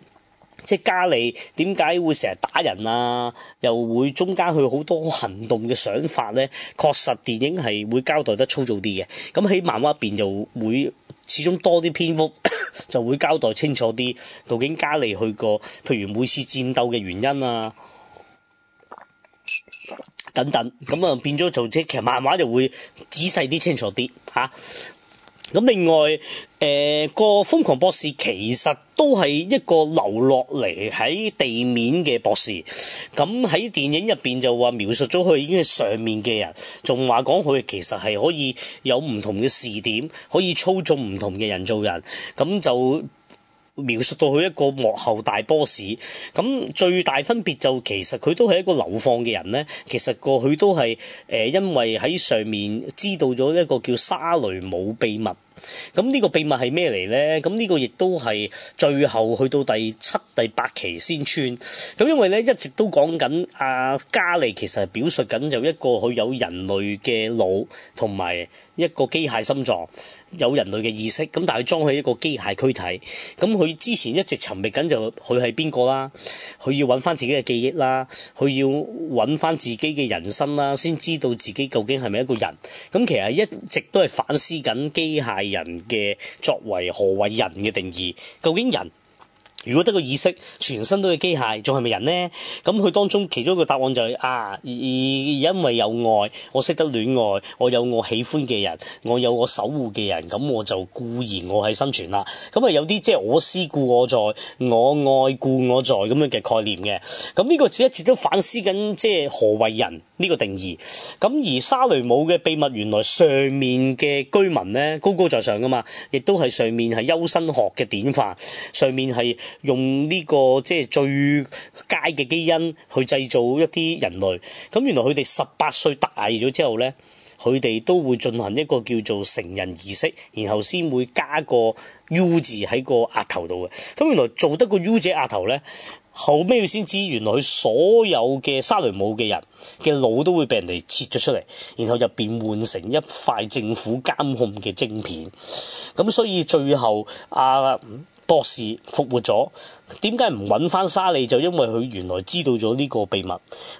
即係嘉利點解會成日打人啊，又會中間去好多行動嘅想法咧，確實電影係會交代得粗糙啲嘅。咁喺漫畫入邊又會始終多啲篇幅，就會交代清楚啲，究竟嘉利去過譬如每次戰鬥嘅原因啊等等，咁啊變咗做即係其實漫畫就會仔細啲清楚啲嚇。啊。咁另外，誒、那個瘋狂博士其實都係一個流落嚟喺地面嘅博士。咁喺電影入邊就話描述咗佢已經係上面嘅人，仲話講佢其實係可以有唔同嘅視點，可以操縱唔同嘅人造人。咁就，描述到佢一個幕後大 boss，咁最大分別就其實佢都係一個流放嘅人咧，其實過去都係誒，因為喺上面知道咗一個叫沙雷姆秘密。咁呢個秘密係咩嚟呢？咁、這、呢個亦都係最後去到第七、第八期先穿。咁因為呢一直都講緊啊，嘉莉其實係表述緊有一個佢有人類嘅腦，同埋一個機械心臟，有人類嘅意識。咁但係裝喺一個機械軀體。咁佢之前一直尋覓緊就佢係邊個啦，佢要揾翻自己嘅記憶啦，佢要揾翻自己嘅人生啦，先知道自己究竟係咪一個人。咁其實一直都係反思緊機械。人嘅作為何謂人嘅定義，究竟人？如果得個意識，全身都係機械，仲係咪人呢？咁佢當中其中一個答案就係啊，而因為有愛，我識得戀愛，我有我喜歡嘅人，我有我守護嘅人，咁我就固然我係生存啦。咁啊，有啲即係我思故我在，我愛故我在咁樣嘅概念嘅。咁呢個字一直都反思緊，即係何為人呢個定義。咁而《沙雷姆嘅秘密》原來上面嘅居民呢，高高在上噶嘛，亦都係上面係優生學嘅典範，上面係。用呢個即係最佳嘅基因去製造一啲人類，咁原來佢哋十八歲大咗之後咧，佢哋都會進行一個叫做成人儀式，然後先會加個 U 字喺個額頭度嘅。咁原來做得個 U 字額頭咧，後尾佢先知原來佢所有嘅沙雷姆嘅人嘅腦都會畀人哋切咗出嚟，然後入邊換成一塊政府監控嘅晶片。咁所以最後啊。博士復活咗，點解唔揾翻沙莉？就因為佢原來知道咗呢個秘密，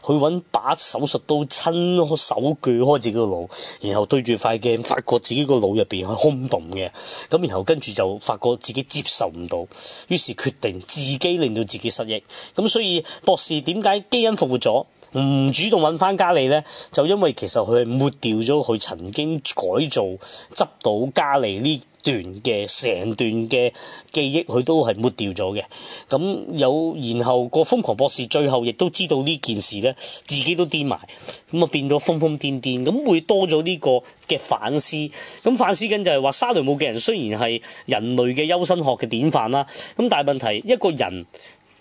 佢揾把手術刀親手鋸開自己個腦，然後對住塊鏡，發覺自己個腦入邊係空洞嘅，咁然後跟住就發覺自己接受唔到，於是決定自己令到自己失憶。咁所以博士點解基因復活咗，唔主動揾翻嘉莉呢？就因為其實佢係抹掉咗佢曾經改造、執到嘉莉呢？段嘅成段嘅記憶，佢都係抹掉咗嘅。咁有，然後個瘋狂博士最後亦都知道呢件事咧，自己都癲埋，咁啊，變咗瘋瘋癲癲，咁會多咗呢個嘅反思。咁反思緊就係話，沙雷姆嘅人雖然係人類嘅優生學嘅典範啦，咁但係問題一個人。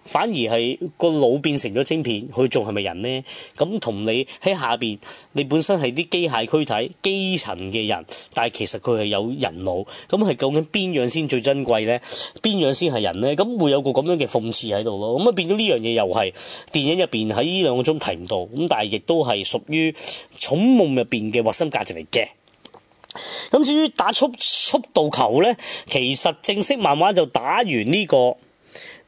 反而係個腦變成咗晶片，佢仲係咪人呢？咁同你喺下邊，你本身係啲機械軀體、基層嘅人，但係其實佢係有人腦，咁係究竟邊樣先最珍貴呢？邊樣先係人呢？咁會有個咁樣嘅諷刺喺度咯。咁啊，變咗呢樣嘢又係電影入邊喺呢兩個鐘提唔到，咁但係亦都係屬於《寵夢》入邊嘅核心價值嚟嘅。咁至於打速速度球呢，其實正式慢慢就打完呢、這個。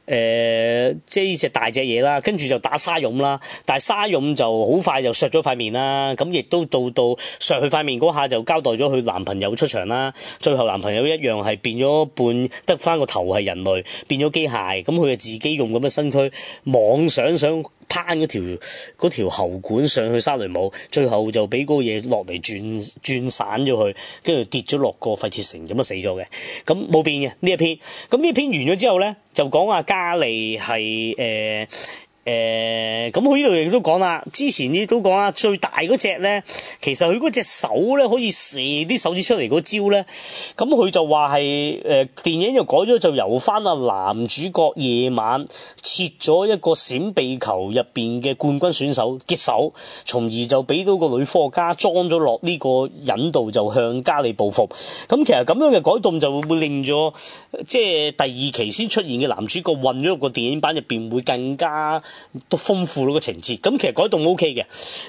誒、呃，即係呢隻大隻嘢啦，跟住就打沙俑啦，但係沙俑就好快就削咗塊面啦，咁亦都到到削佢塊面嗰下就交代咗佢男朋友出場啦，最後男朋友一樣係變咗半得翻個頭係人類，變咗機械，咁佢就自己用咁嘅身軀妄想想攀嗰條，條喉管上去沙雷姆，最後就俾嗰個嘢落嚟轉轉散咗佢，跟住跌咗落個廢鐵城咁啊死咗嘅，咁冇變嘅呢一篇，咁呢一篇完咗之後咧就講阿、啊加利係誒。呃誒咁佢呢度亦都講啦，之前呢都講啦，最大嗰隻咧，其實佢嗰隻手咧可以射啲手指出嚟嗰招咧，咁、嗯、佢、嗯、就話係誒電影又改咗就由翻阿男主角夜晚切咗一個閃避球入邊嘅冠軍選手嘅手，從而就俾到個女科學家裝咗落呢個引導就向加利報復。咁、嗯、其實咁樣嘅改動就會唔會令咗即係第二期先出現嘅男主角混咗入個電影版入邊會更加？都豐富咗個情節，咁其實改動 O K 嘅，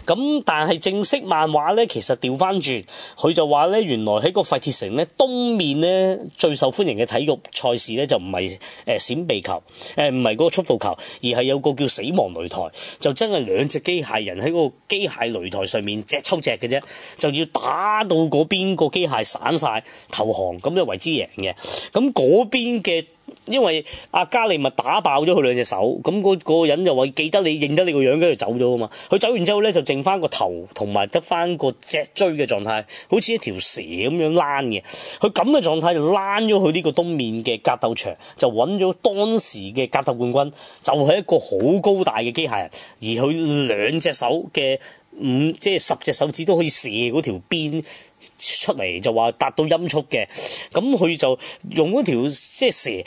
咁但係正式漫畫咧，其實調翻轉，佢就話咧，原來喺個廢鐵城咧東面咧最受歡迎嘅體育賽事咧就唔係誒閃避球，誒唔係嗰個速度球，而係有個叫死亡擂台，就真係兩隻機械人喺個機械擂台上面隻抽隻嘅啫，就要打到嗰邊個機械散晒，投降咁就為之贏嘅，咁嗰邊嘅。因為阿嘉利咪打爆咗佢兩隻手，咁嗰嗰個人就話，記得你，認得你個樣，跟住走咗啊嘛。佢走完之後咧，就剩翻個頭同埋得翻個脊椎嘅狀態，好似一條蛇咁樣躝嘅。佢咁嘅狀態就躝咗去呢個東面嘅格鬥場，就搵咗當時嘅格鬥冠軍，就係一個好高大嘅機械人，而佢兩隻手嘅五即係十隻手指都可以射嗰條邊。出嚟就話達到音速嘅，咁佢就用嗰條即係蛇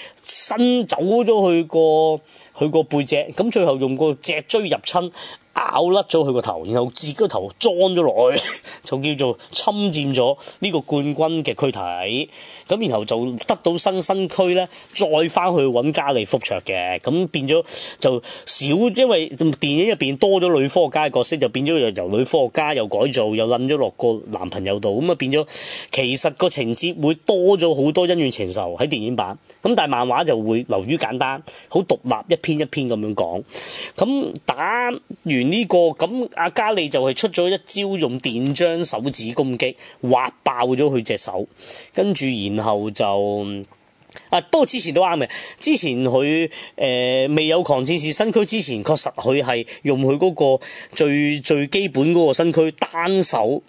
伸走咗去個佢個背脊，咁最後用個脊椎入侵。咬甩咗佢個頭，然後截個頭，裝咗落去， 就叫做侵佔咗呢個冠軍嘅軀體，咁然後就得到新身軀咧，再翻去搵嘉利福卓嘅。咁變咗就少，因為電影入邊多咗女科學家嘅角色，就變咗由由女科學家又改造又攆咗落個男朋友度。咁啊變咗，其實個情節會多咗好多恩怨情仇喺電影版。咁但係漫畫就會流於簡單，好獨立一篇一篇咁樣講，咁打完。呢、這個咁阿嘉莉就係出咗一招用電漿手指攻擊，劃爆咗佢隻手，跟住然後就啊，不過之前都啱嘅。之前佢誒、呃、未有狂戰士身軀之前，確實佢係用佢嗰個最最基本嗰個身軀，單手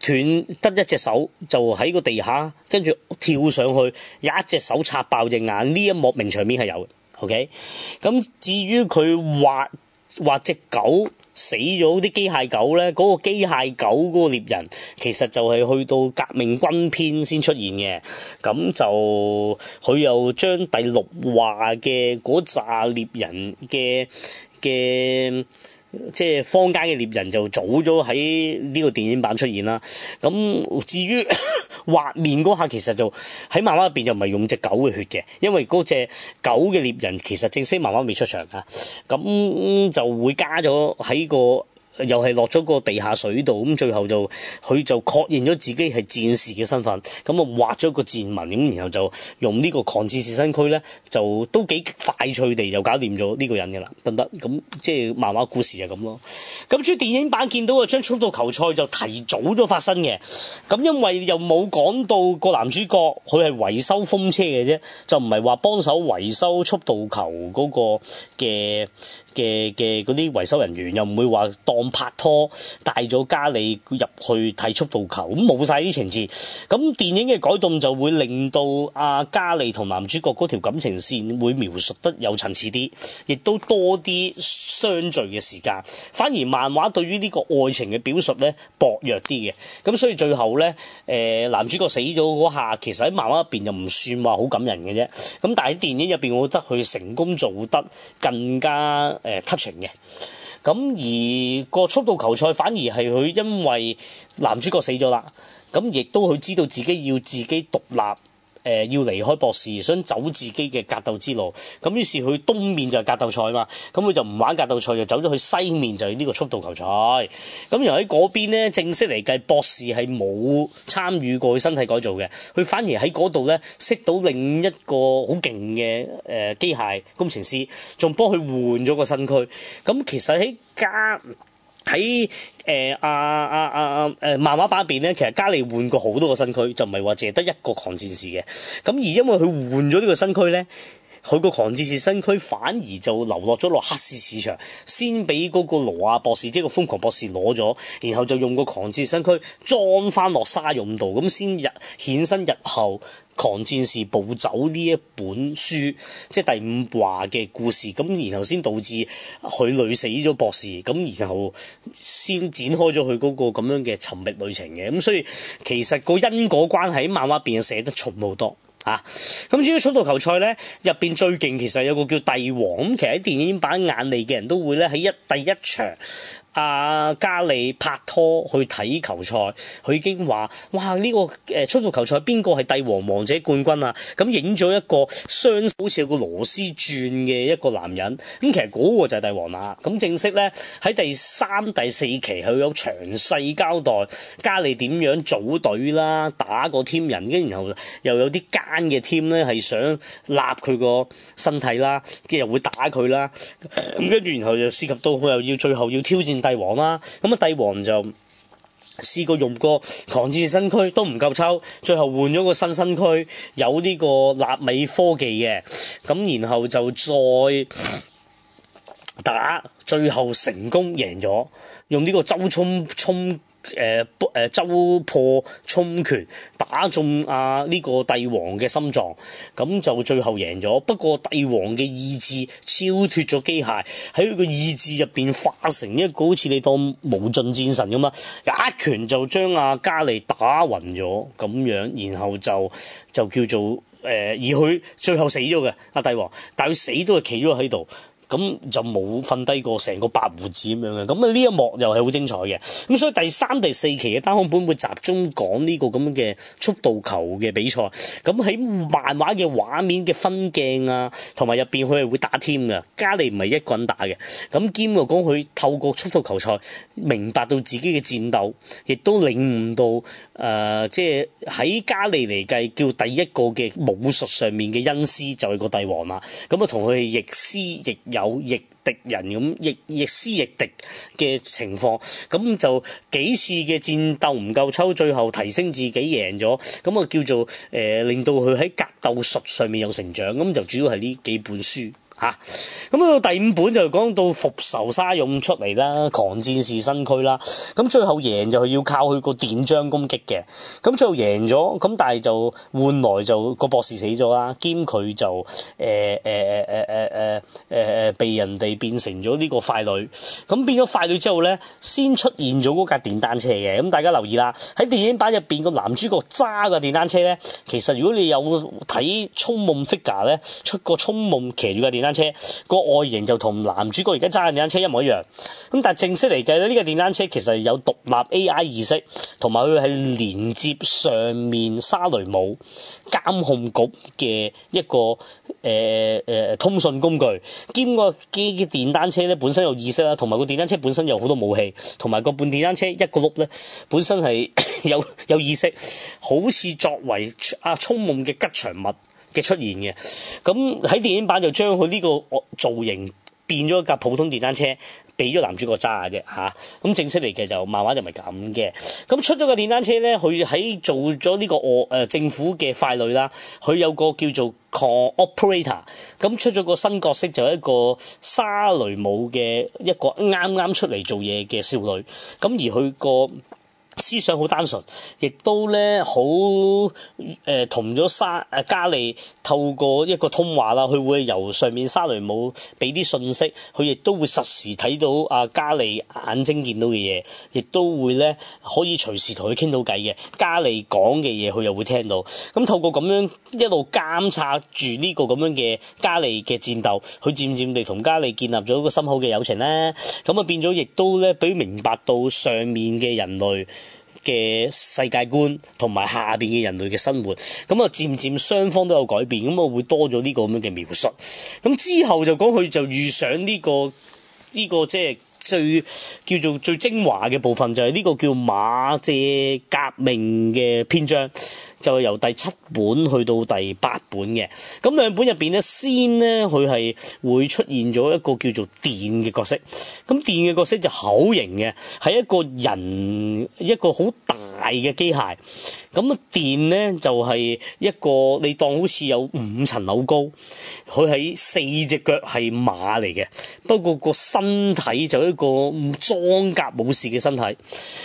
斷得一隻手就，就喺個地下跟住跳上去，有一隻手插爆隻眼。呢一幕名場面係有嘅，OK、嗯。咁至於佢劃。話隻狗死咗，啲機械狗咧，嗰個機械狗個獵人，其實就係去到革命軍篇先出現嘅，咁就佢又將第六話嘅嗰紮獵人嘅嘅。即係坊間嘅獵人就早咗喺呢個電影版出現啦。咁至於畫 面嗰下，其實就喺漫畫入邊就唔係用隻狗嘅血嘅，因為嗰隻狗嘅獵人其實正式漫畫未出場噶，咁就會加咗喺個。又係落咗個地下水道，咁最後就佢就確認咗自己係戰士嘅身份，咁啊畫咗個戰紋，咁然後就用呢個狂戰士身軀咧，就都幾快脆地就搞掂咗呢個人㗎啦，得唔得？咁即係漫畫故事就咁咯。咁至於電影版見到啊，將速度球賽就提早咗發生嘅，咁因為又冇講到個男主角佢係維修風車嘅啫，就唔係話幫手維修速度球嗰個嘅。嘅嘅嗰啲維修人員又唔會話當拍拖，帶咗嘉莉入去睇速度球，咁冇晒啲情節。咁電影嘅改動就會令到阿、啊、嘉莉同男主角嗰條感情線會描述得有層次啲，亦都多啲相聚嘅時間，反而漫畫對於呢個愛情嘅表述咧薄弱啲嘅，咁所以最後咧，誒、呃，男主角死咗嗰下，其實喺漫畫入邊又唔算話好感人嘅啫。咁但係喺電影入邊，我覺得佢成功做得更加。誒 cut 嘅，咁而個速度球賽反而係佢因為男主角死咗啦，咁亦都佢知道自己要自己獨立。誒要離開博士，想走自己嘅格鬥之路，咁於是佢東面就係格鬥賽嘛，咁佢就唔玩格鬥賽，就走咗去西面就係呢個速度球賽，咁又喺嗰邊咧，正式嚟計，博士係冇參與過身體改造嘅，佢反而喺嗰度咧識到另一個好勁嘅誒機械工程師，仲幫佢換咗個身軀，咁其實喺加喺誒阿阿阿誒漫畫版入邊咧，其實加利換過好多個身軀，就唔係話淨係得一個狂戰士嘅。咁而因為佢換咗呢個身軀咧，佢個狂戰士身軀反而就流落咗落黑市市場，先俾嗰個羅亞博士，即係個瘋狂博士攞咗，然後就用個狂戰士身軀裝翻落沙容度。咁先日顯身日後。《狂戰士暴走》呢一本書，即係第五話嘅故事，咁然後先導致佢累死咗博士，咁然後先展開咗佢嗰個咁樣嘅尋覓旅程嘅，咁所以其實個因果關係喺漫畫入邊寫得重好多嚇。咁、啊、至於《速度球賽》咧，入邊最勁其實有個叫帝王。咁其實喺電影版眼嚟嘅人都會咧喺一第一場。阿、啊、加里拍拖去睇球賽，佢已經話，哇，呢、這個誒，初步球賽邊個係帝王王者冠軍啊？咁影咗一個雙手好似個螺絲轉嘅一個男人，咁、嗯、其實嗰個就係帝王啦、啊。咁、嗯、正式咧喺第三、第四期佢有詳細交代，加里點樣組隊啦，打個 team 人，跟住然後又有啲奸嘅 team 咧係想立佢個身體啦，跟住又會打佢啦，咁跟住然後又涉及到佢又要最後要挑戰。帝王啦，咁啊帝王就試過用過狂戰身軀都唔夠抽，最後換咗個新身軀，有呢個納米科技嘅，咁然後就再打，最後成功贏咗，用呢個周衝衝，沖誒不誒，周破沖拳打中啊呢、這個帝王嘅心臟，咁就最後贏咗。不過帝王嘅意志超脫咗機械，喺佢個意志入邊化成一個好似你當無盡戰神咁啊，一拳就將阿、啊、加利打暈咗咁樣，然後就就叫做誒、呃，而佢最後死咗嘅阿帝王，但係佢死都係企咗喺度。咁就冇瞓低過成個白鬍子咁樣嘅，咁啊呢一幕又係好精彩嘅。咁所以第三、第四期嘅單行本會集中講呢個咁嘅速度球嘅比賽。咁喺漫畫嘅畫面嘅分鏡啊，同埋入邊佢係會打添噶。加利唔係一個人打嘅。咁兼又講佢透過速度球賽明白到自己嘅戰鬥，亦都領悟到，誒、呃，即係喺加利嚟計叫第一個嘅武術上面嘅恩師就係、是、個帝王啦。咁啊同佢亦師亦有逆敵人咁，亦亦師亦敵嘅情況，咁就幾次嘅戰鬥唔夠抽，最後提升自己贏咗，咁啊叫做誒、呃、令到佢喺格鬥術上面有成長，咁就主要係呢幾本書。吓，咁啊到第五本就講到復仇沙涌出嚟啦，狂戰士身軀啦，咁最後贏就係要靠佢個電漿攻擊嘅，咁最後贏咗，咁但係就換來就個博士死咗啦，兼佢就誒誒誒誒誒誒誒誒被人哋變成咗呢個傀儡，咁變咗傀儡之後咧，先出現咗嗰架電單車嘅，咁大家留意啦，喺電影版入邊，個男主角揸嘅電單車咧，其實如果你有睇《銃夢 figure》咧，出個銃夢騎住架電。單車個外形就同男主角而家揸嘅電單車一模一樣，咁但係正式嚟計咧，呢、這個電單車其實有獨立 AI 意識，同埋佢係連接上面沙雷姆監控局嘅一個誒誒、呃呃、通訊工具。兼個機電單車咧，本身有意識啦，同埋個電單車本身有好多武器，同埋個半電單車一個轆咧，本身係有 有意識，好似作為阿銃夢嘅吉祥物嘅出現嘅，咁喺電影版就將佢呢個造型變咗一架普通電單車俾咗男主角揸下嘅吓，咁、啊、正式嚟嘅就漫畫就唔係咁嘅，咁出咗個電單車咧，佢喺做咗呢、呢個我誒、呃、政府嘅傀儡啦，佢有個叫做 Cooperator，咁出咗個新角色就係、一個沙雷姆嘅一個啱啱出嚟做嘢嘅少女，咁而佢個。思想好單純，亦都咧好誒同咗沙誒、啊、加利透過一個通話啦，佢會由上面沙雷姆俾啲信息，佢亦都會實時睇到啊加利眼睛見到嘅嘢，亦都會咧可以隨時同佢傾到偈嘅，加利講嘅嘢佢又會聽到。咁、嗯、透過咁樣一路監察住呢個咁樣嘅加利嘅戰鬥，佢漸漸地同加利建立咗一個深厚嘅友情咧，咁啊變咗亦都咧俾明白到上面嘅人類。嘅世界觀同埋下邊嘅人類嘅生活，咁啊漸漸雙方都有改變，咁啊會多咗呢個咁樣嘅描述。咁之後就講佢就遇上呢個呢個即係最叫做最精華嘅部分，就係呢個叫馬借革命嘅篇章。就係由第七本去到第八本嘅，咁兩本入邊咧，先咧佢係會出現咗一個叫做電嘅角色，咁電嘅角色就好型嘅，係一個人一個好大嘅機械，咁啊電咧就係、是、一個你當好似有五層樓高，佢喺四隻腳，係馬嚟嘅，不過個身體就一個裝甲武士嘅身體。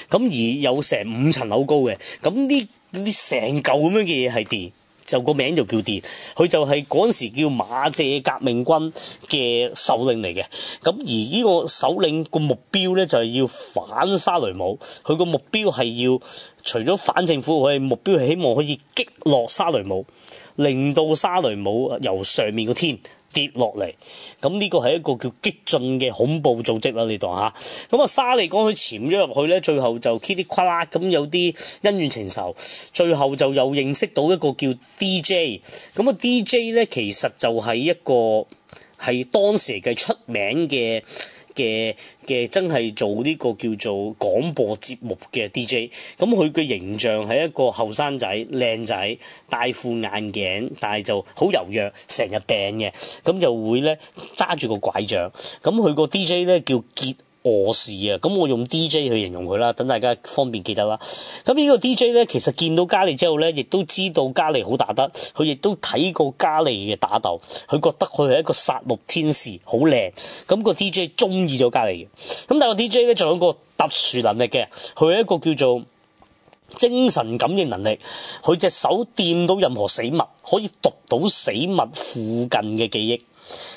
咁而有成五層樓高嘅，咁呢？呢啲成嚿咁樣嘅嘢係電，就個名就叫電。佢就係嗰陣時叫馬借革命軍嘅首領嚟嘅。咁而呢個首領個目標咧就係、是、要反沙雷姆，佢個目標係要除咗反政府，佢嘅目標係希望可以擊落沙雷姆，令到沙雷姆由上面個天，跌落嚟，咁呢個係一個叫激進嘅恐怖組織啦，你當嚇。咁啊，沙莉講佢潛咗入去咧，最後就噼里啪啦咁有啲恩怨情仇，最後就又認識到一個叫 DJ。咁啊，DJ 咧其實就係一個係當時嘅出名嘅。嘅嘅真係做呢個叫做廣播節目嘅 DJ，咁佢嘅形象係一個後生仔，靚仔，戴副眼鏡，但係就好柔弱，成日病嘅，咁就會咧揸住個拐杖，咁佢個 DJ 咧叫杰。博士啊，咁我用 D J 去形容佢啦，等大家方便記得啦。咁呢個 D J 咧，其實見到嘉莉之後咧，亦都知道嘉莉好打得，佢亦都睇過嘉莉嘅打鬥，佢覺得佢係一個殺戮天使，好靚。咁個 D J 中意咗嘉莉嘅。咁但係個 D J 咧，仲有一個特殊能力嘅，佢係一個叫做精神感應能力，佢隻手掂到任何死物，可以讀到死物附近嘅記憶，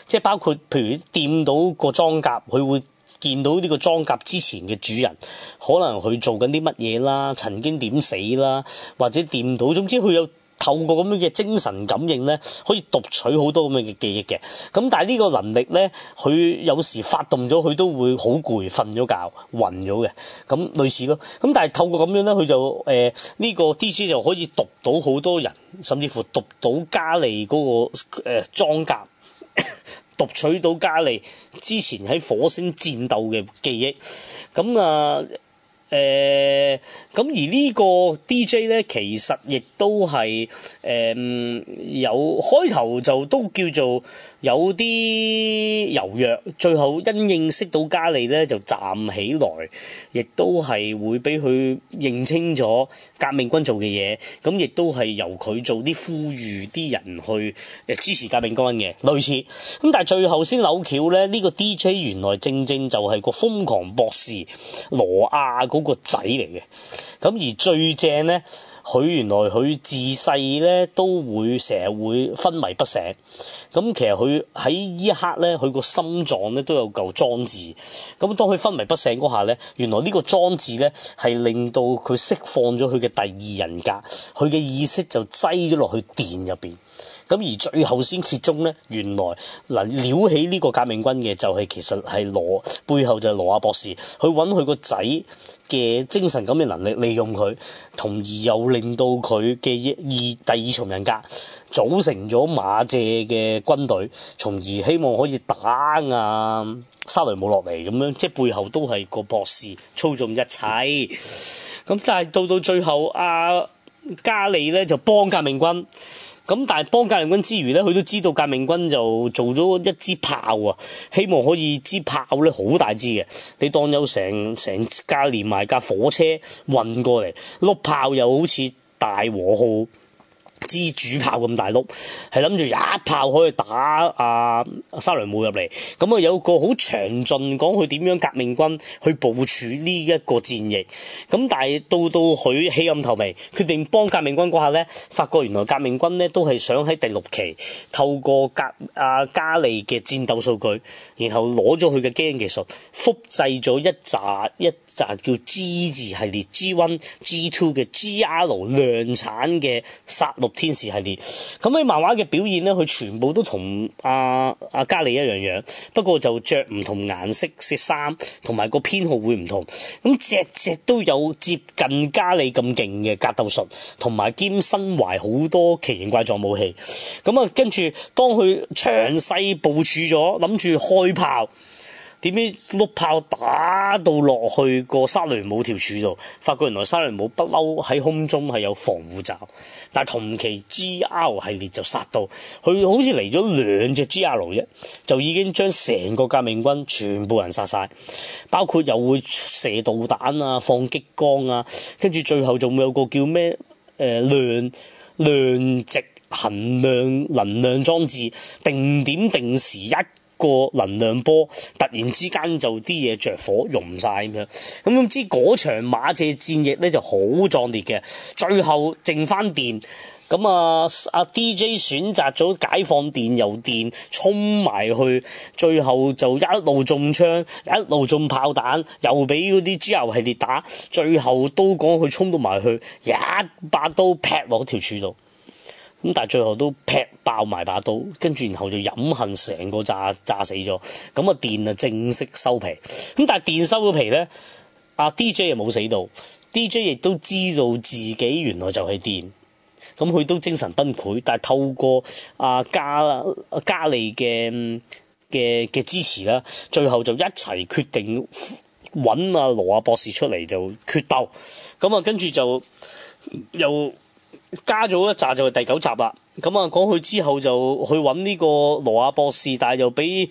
即係包括譬如掂到個裝甲，佢會。見到呢個裝甲之前嘅主人，可能佢做緊啲乜嘢啦，曾經點死啦，或者掂到，總之佢有透過咁樣嘅精神感應咧，可以讀取好多咁樣嘅記憶嘅。咁但係呢個能力咧，佢有時發動咗，佢都會好攰，瞓咗覺，暈咗嘅。咁類似咯。咁但係透過咁樣咧，佢就誒呢、呃呢個 DC 就可以讀到好多人，甚至乎讀到加利嗰個誒裝甲。 讀取到加利之前喺火星戰鬥嘅記憶，咁啊，誒、欸。咁而呢個 DJ 咧，其實亦都係誒、呃、有開頭就都叫做有啲猶豫，最後因認識到嘉利咧就站起來，亦都係會俾佢認清楚革命軍做嘅嘢，咁亦都係由佢做啲呼籲啲人去誒支持革命軍嘅，類似。咁但係最後先扭橋咧，呢、這個 DJ 原來正正就係個瘋狂博士羅亞嗰個仔嚟嘅。咁而最正咧，佢原來佢自細咧都會成日會昏迷不醒。咁其實佢喺依一刻咧，佢個心臟咧都有嚿裝置。咁當佢昏迷不醒嗰下咧，原來呢個裝置咧係令到佢釋放咗佢嘅第二人格，佢嘅意識就擠咗落去電入邊。咁而最後先揭盅咧，原來嗱撩起呢個革命軍嘅就係其實係羅背後就羅亞博士去揾佢個仔嘅精神感染能力利用佢，同而又令到佢嘅二第二重人格組成咗馬謝嘅軍隊，從而希望可以打亞沙雷姆落嚟咁樣，即係背後都係個博士操縱一切。咁但係到到最後，阿、啊、加利咧就幫革命軍。咁但係幫革命軍之餘呢，佢都知道革命軍就做咗一支炮啊，希望可以支炮呢好大支嘅，你當有成成架連埋架火車運過嚟，碌炮又好似大和號。支主炮咁大碌，係諗住一炮可以打阿阿、啊、沙雷姆入嚟。咁、嗯、啊有個好詳盡講佢點樣革命軍去部署呢一個戰役。咁、嗯、但係到到佢棄暗投明決定幫革命軍嗰下咧，發覺原來革命軍咧都係想喺第六期透過格阿加利嘅戰鬥數據，然後攞咗佢嘅基因技術，複製咗一扎一扎叫 G 字系列 G one、G two 嘅 GR 量產嘅殺戮天使系列，咁喺漫畫嘅表現呢，佢全部都同阿阿加里一樣樣，不過就着唔同顏色色衫，同埋個編號會唔同，咁只只都有接近加里咁勁嘅格鬥術，同埋兼身懷好多奇形怪狀武器，咁啊，跟住當佢詳細部署咗，諗住開炮。點知碌炮打到落去個沙雷姆條柱度，發覺原來沙雷姆不嬲喺空中係有防護罩。但係同期 G.R 系列就殺到，佢好似嚟咗兩隻 G.R 啫，就已經將成個革命軍全部人殺晒，包括又會射導彈啊、放激光啊，跟住最後仲會有個叫咩誒、呃、量量值衡量能量裝置，定點定時一。個能量波突然之間就啲嘢着火融晒。咁、嗯、樣，咁總之嗰場馬車戰役咧就好壯烈嘅，最後剩翻電，咁、嗯、啊阿、啊、DJ 選擇咗解放電油電衝埋去，最後就一路中槍，一路中炮彈，又俾嗰啲豬油系列打，最後都光佢衝到埋去，一把刀劈落條柱度。咁但係最後都劈爆埋把刀，跟住然後就飲恨成個炸炸死咗。咁啊電啊正式收皮。咁但係電收咗皮咧，阿、啊、DJ 又冇死到，DJ 亦都知道自己原來就係電。咁佢都精神崩潰，但係透過阿、啊、加阿加利嘅嘅嘅支持啦，最後就一齊決定揾阿羅亞博士出嚟就決鬥。咁啊跟住就，就又。加咗一集就係、是、第九集啦，咁啊講佢之後就去揾呢個羅亞博士，但係又俾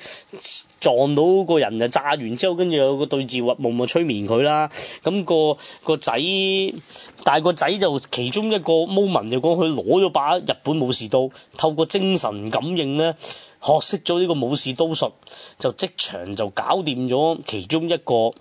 撞到個人就炸完之後，跟住有個對字幻夢咪催眠佢啦，咁、嗯、個個仔，但係個仔就其中一個 moment 就講佢攞咗把日本武士刀，透過精神感應呢，學識咗呢個武士刀術，就即場就搞掂咗其中一個。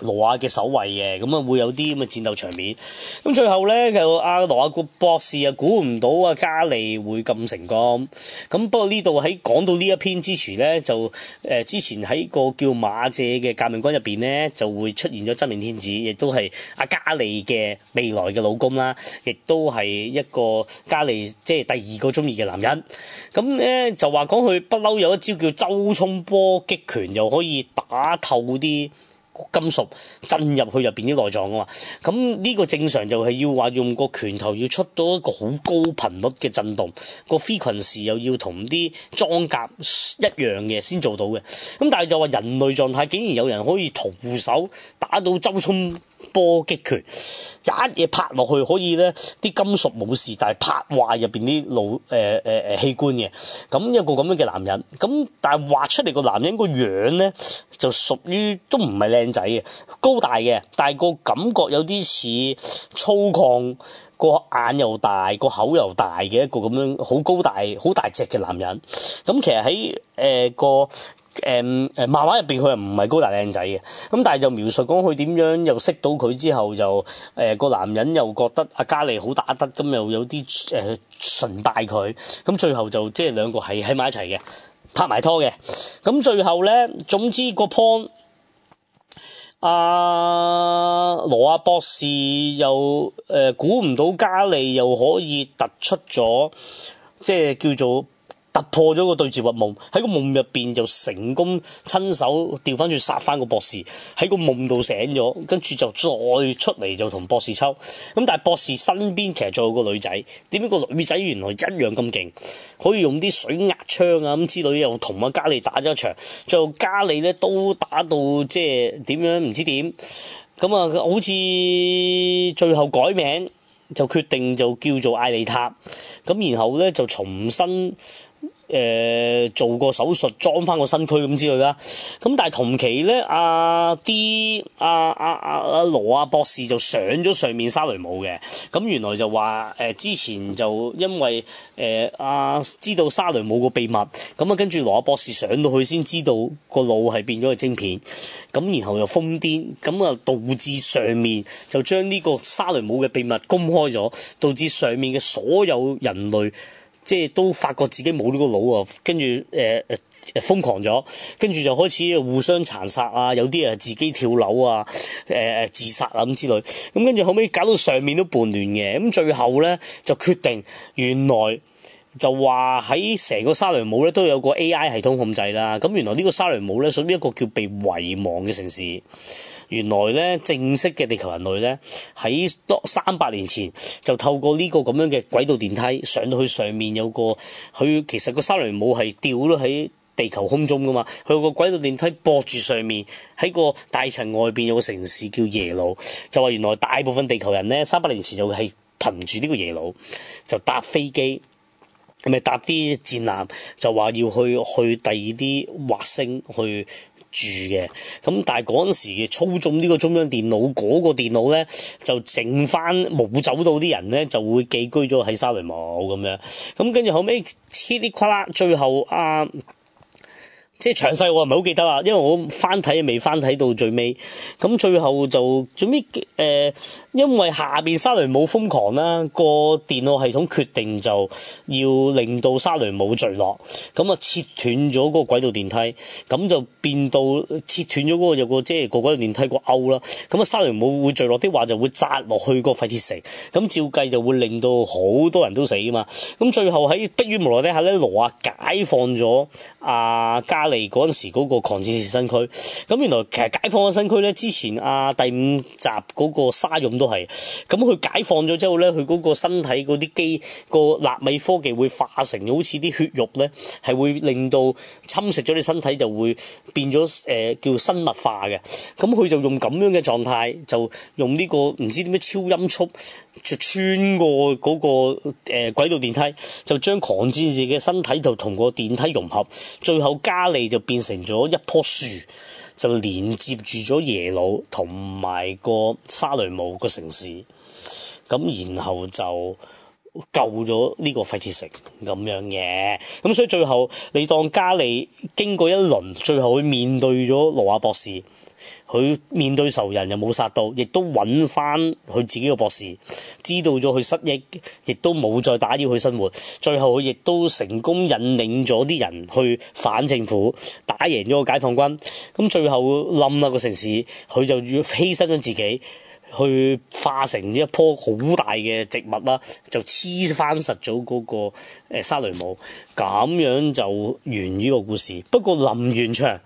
羅亞嘅守衛嘅咁啊，會有啲咁嘅戰鬥場面。咁最後咧就阿羅亞個博士啊，估唔到啊，加利會咁成功。咁不過呢度喺講到呢一篇之前咧就誒之前喺個叫馬謝嘅革命軍入邊咧就會出現咗真命天子，亦都係阿加利嘅未來嘅老公啦，亦都係一個加利即係第二個中意嘅男人。咁咧就話講佢不嬲有一招叫周衝波擊拳，又可以打透啲。金屬震入去入邊啲內臟啊嘛，咁呢個正常就係要話用個拳頭要出到一個好高頻率嘅震動，個 frequency 又要同啲裝甲一樣嘅先做到嘅，咁但係就話人類狀態竟然有人可以徒手打到周衝。波擊拳，一嘢拍落去可以咧，啲金屬冇事，但係拍壞入邊啲腦誒誒誒器官嘅。咁有一個咁樣嘅男人，咁但係畫出嚟個男人個樣咧，就屬於都唔係靚仔嘅，高大嘅，但係個感覺有啲似粗獷，個眼又大，個口又大嘅一個咁樣好高大好大隻嘅男人。咁其實喺誒、呃、個。誒誒漫畫入邊佢又唔係高大靚仔嘅，咁但係就描述講佢點樣又識到佢之後就誒個、呃、男人又覺得阿嘉莉好打得，咁又有啲誒崇拜佢，咁、呃、最後就即係兩個喺喺埋一齊嘅，拍埋拖嘅，咁最後咧總之個 point 阿、呃、羅亞博士又誒、呃、估唔到嘉莉又可以突出咗，即係叫做。突破咗個對峙核夢，喺個夢入邊就成功親手調翻轉殺翻個博士，喺個夢度醒咗，跟住就再出嚟就同博士抽。咁但係博士身邊其實仲有個女仔，點解個女仔原來一樣咁勁，可以用啲水壓槍啊咁之類，又同阿嘉莉打咗場，最後嘉莉咧都打到即係點樣唔知點，咁、嗯、啊好似最後改名就決定就叫做艾莉塔，咁然後咧就重新。誒、呃、做個手術裝翻個身軀咁之類啦，咁但係同期咧，阿啲阿阿阿阿羅阿博士就上咗上面沙雷姆嘅，咁原來就話誒、呃、之前就因為誒阿、呃啊、知道沙雷姆個秘密，咁啊跟住羅阿博士上到去先知道個腦係變咗個晶片，咁然後又瘋癲，咁啊導致上面就將呢個沙雷姆嘅秘密公開咗，導致上面嘅所有人類。即係都發覺自己冇呢個腦啊，跟住誒誒誒瘋狂咗，跟住就開始互相殘殺啊，有啲啊自己跳樓啊，誒、呃、誒自殺啊咁之類，咁跟住後尾搞到上面都叛亂嘅，咁最後咧就決定原來就話喺成個沙雷姆咧都有個 A.I. 系統控制啦，咁原來呢個沙雷姆咧屬於一個叫被遺忘嘅城市。原來咧，正式嘅地球人類咧，喺多三百年前就透過呢個咁樣嘅軌道電梯上到去上面有個，佢其實個沙雷姆係吊咗喺地球空中噶嘛，佢有個軌道電梯駁住上面，喺個大層外邊有個城市叫耶魯，就話原來大部分地球人咧，三百年前就係憑住呢個耶魯就搭飛機，咪、嗯、搭啲戰艦，就話要去去第二啲惑星去。住嘅，咁但係嗰陣時操縱呢個中央電腦嗰個電腦咧，就剩翻冇走到啲人咧，就會寄居咗喺沙雷姆咁樣。咁跟住後尾，噼里啪啦，最後啊～即係詳細我唔係好記得啦，因為我翻睇未翻睇到最尾。咁最後就做咩？誒，因為下邊沙雷姆瘋狂啦，個電腦系統決定就要令到沙雷姆冇墜落。咁啊，切斷咗個軌道電梯，咁就變到切斷咗、嗰個有、就是、個即係個軌道電梯個勾啦。咁啊，沙雷姆冇會墜落啲話就會砸落去個廢鐵城。咁照計就會令到好多人都死啊嘛。咁最後喺迫於無奈底下咧，羅亞解放咗阿、啊阿利嗰陣時嗰個狂戰士身軀，咁原來其實解放咗身軀咧，之前阿第五集嗰個沙勇都係，咁佢解放咗之後咧，佢嗰個身體嗰啲肌個納米科技會化成好似啲血肉咧，係會令到侵蝕咗你身體就會變咗誒、呃、叫生物化嘅，咁佢就用咁樣嘅狀態，就用呢個唔知點樣超音速。穿過嗰個誒軌道電梯，就將狂戰士嘅身體度同個電梯融合，最後加利就變成咗一棵樹，就連接住咗耶魯同埋個沙雷姆個城市，咁然後就救咗呢個廢鐵城咁樣嘅，咁所以最後你當加利經過一輪，最後會面對咗羅亞博士。佢面對仇人又冇殺到，亦都揾翻佢自己嘅博士，知道咗佢失憶，亦都冇再打擾佢生活。最後佢亦都成功引領咗啲人去反政府，打贏咗個解放軍。咁最後冧啦個城市，佢就要犧牲咗自己，去化成一樖好大嘅植物啦，就黐翻實咗嗰個沙雷姆。咁樣就完呢個故事。不過臨完場，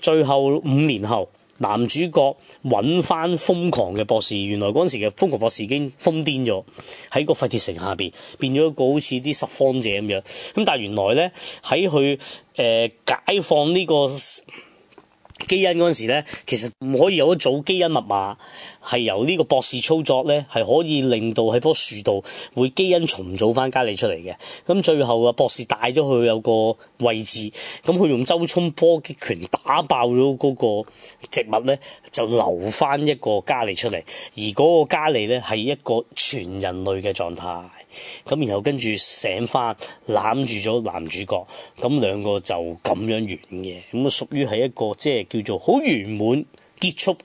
最後五年後。男主角揾翻瘋狂嘅博士，原來嗰陣時嘅瘋狂博士已經瘋癲咗，喺個廢鐵城下邊變咗一個好似啲拾荒者咁樣。咁但係原來咧喺佢誒解放呢個基因嗰陣時咧，其實唔可以有一組基因密碼。係由呢個博士操作咧，係可以令到喺樖樹度會基因重組翻加利出嚟嘅。咁最後啊，博士帶咗佢有個位置，咁佢用周衝波擊拳打爆咗嗰個植物咧，就留翻一個加利出嚟。而嗰個加利咧係一個全人類嘅狀態。咁然後跟住醒翻，攬住咗男主角，咁兩個就咁樣完嘅。咁啊，屬於係一個即係叫做好圓滿結束。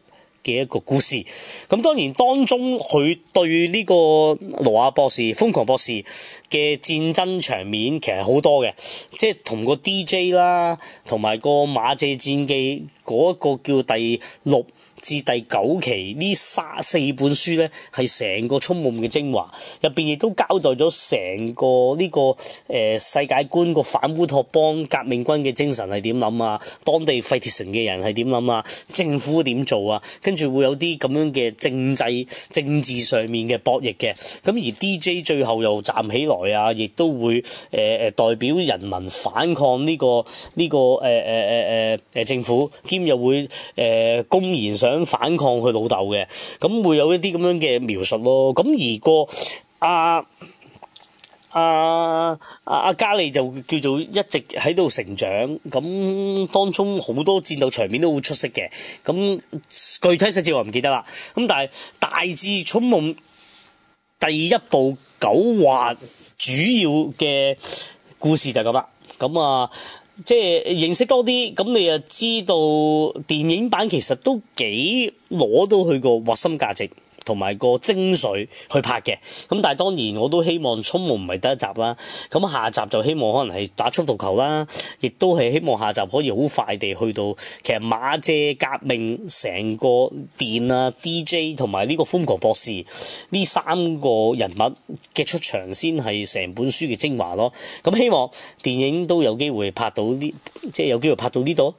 嘅一個故事，咁當然當中佢對呢個羅亞博士、瘋狂博士嘅戰爭場面其實好多嘅，即係同個 DJ 啦，同埋個馬謝戰記嗰一個叫第六至第九期呢三四本書咧，係成個充滿嘅精華入邊，亦都交代咗成個呢個誒世界觀、個反烏托邦革命軍嘅精神係點諗啊，當地廢鐵城嘅人係點諗啊，政府點做啊，跟住會有啲咁樣嘅政制、政治上面嘅博弈嘅，咁而 DJ 最後又站起來啊，亦都會誒誒、呃、代表人民反抗呢、呢個呢、呢個誒誒誒誒誒政府，兼又會誒、呃、公然想反抗佢老豆嘅，咁會有一啲咁樣嘅描述咯。咁而個啊～阿阿阿加利就叫做一直喺度成長，咁當中好多戰鬥場面都會出色嘅，咁具體細節我唔記得啦。咁但係大致《銃夢》第一部九話主要嘅故事就咁啦。咁啊，即係認識多啲，咁你又知道電影版其實都幾攞到佢個核心價值。同埋個精髓去拍嘅，咁但係當然我都希望《銃夢》唔係得一集啦，咁下集就希望可能係打速度球啦，亦都係希望下集可以好快地去到其實馬姐革命成個電啊 DJ 同埋呢個瘋狂博士呢三個人物嘅出場先係成本書嘅精華咯，咁希望電影都有機會拍到呢，即係有機會拍到呢度。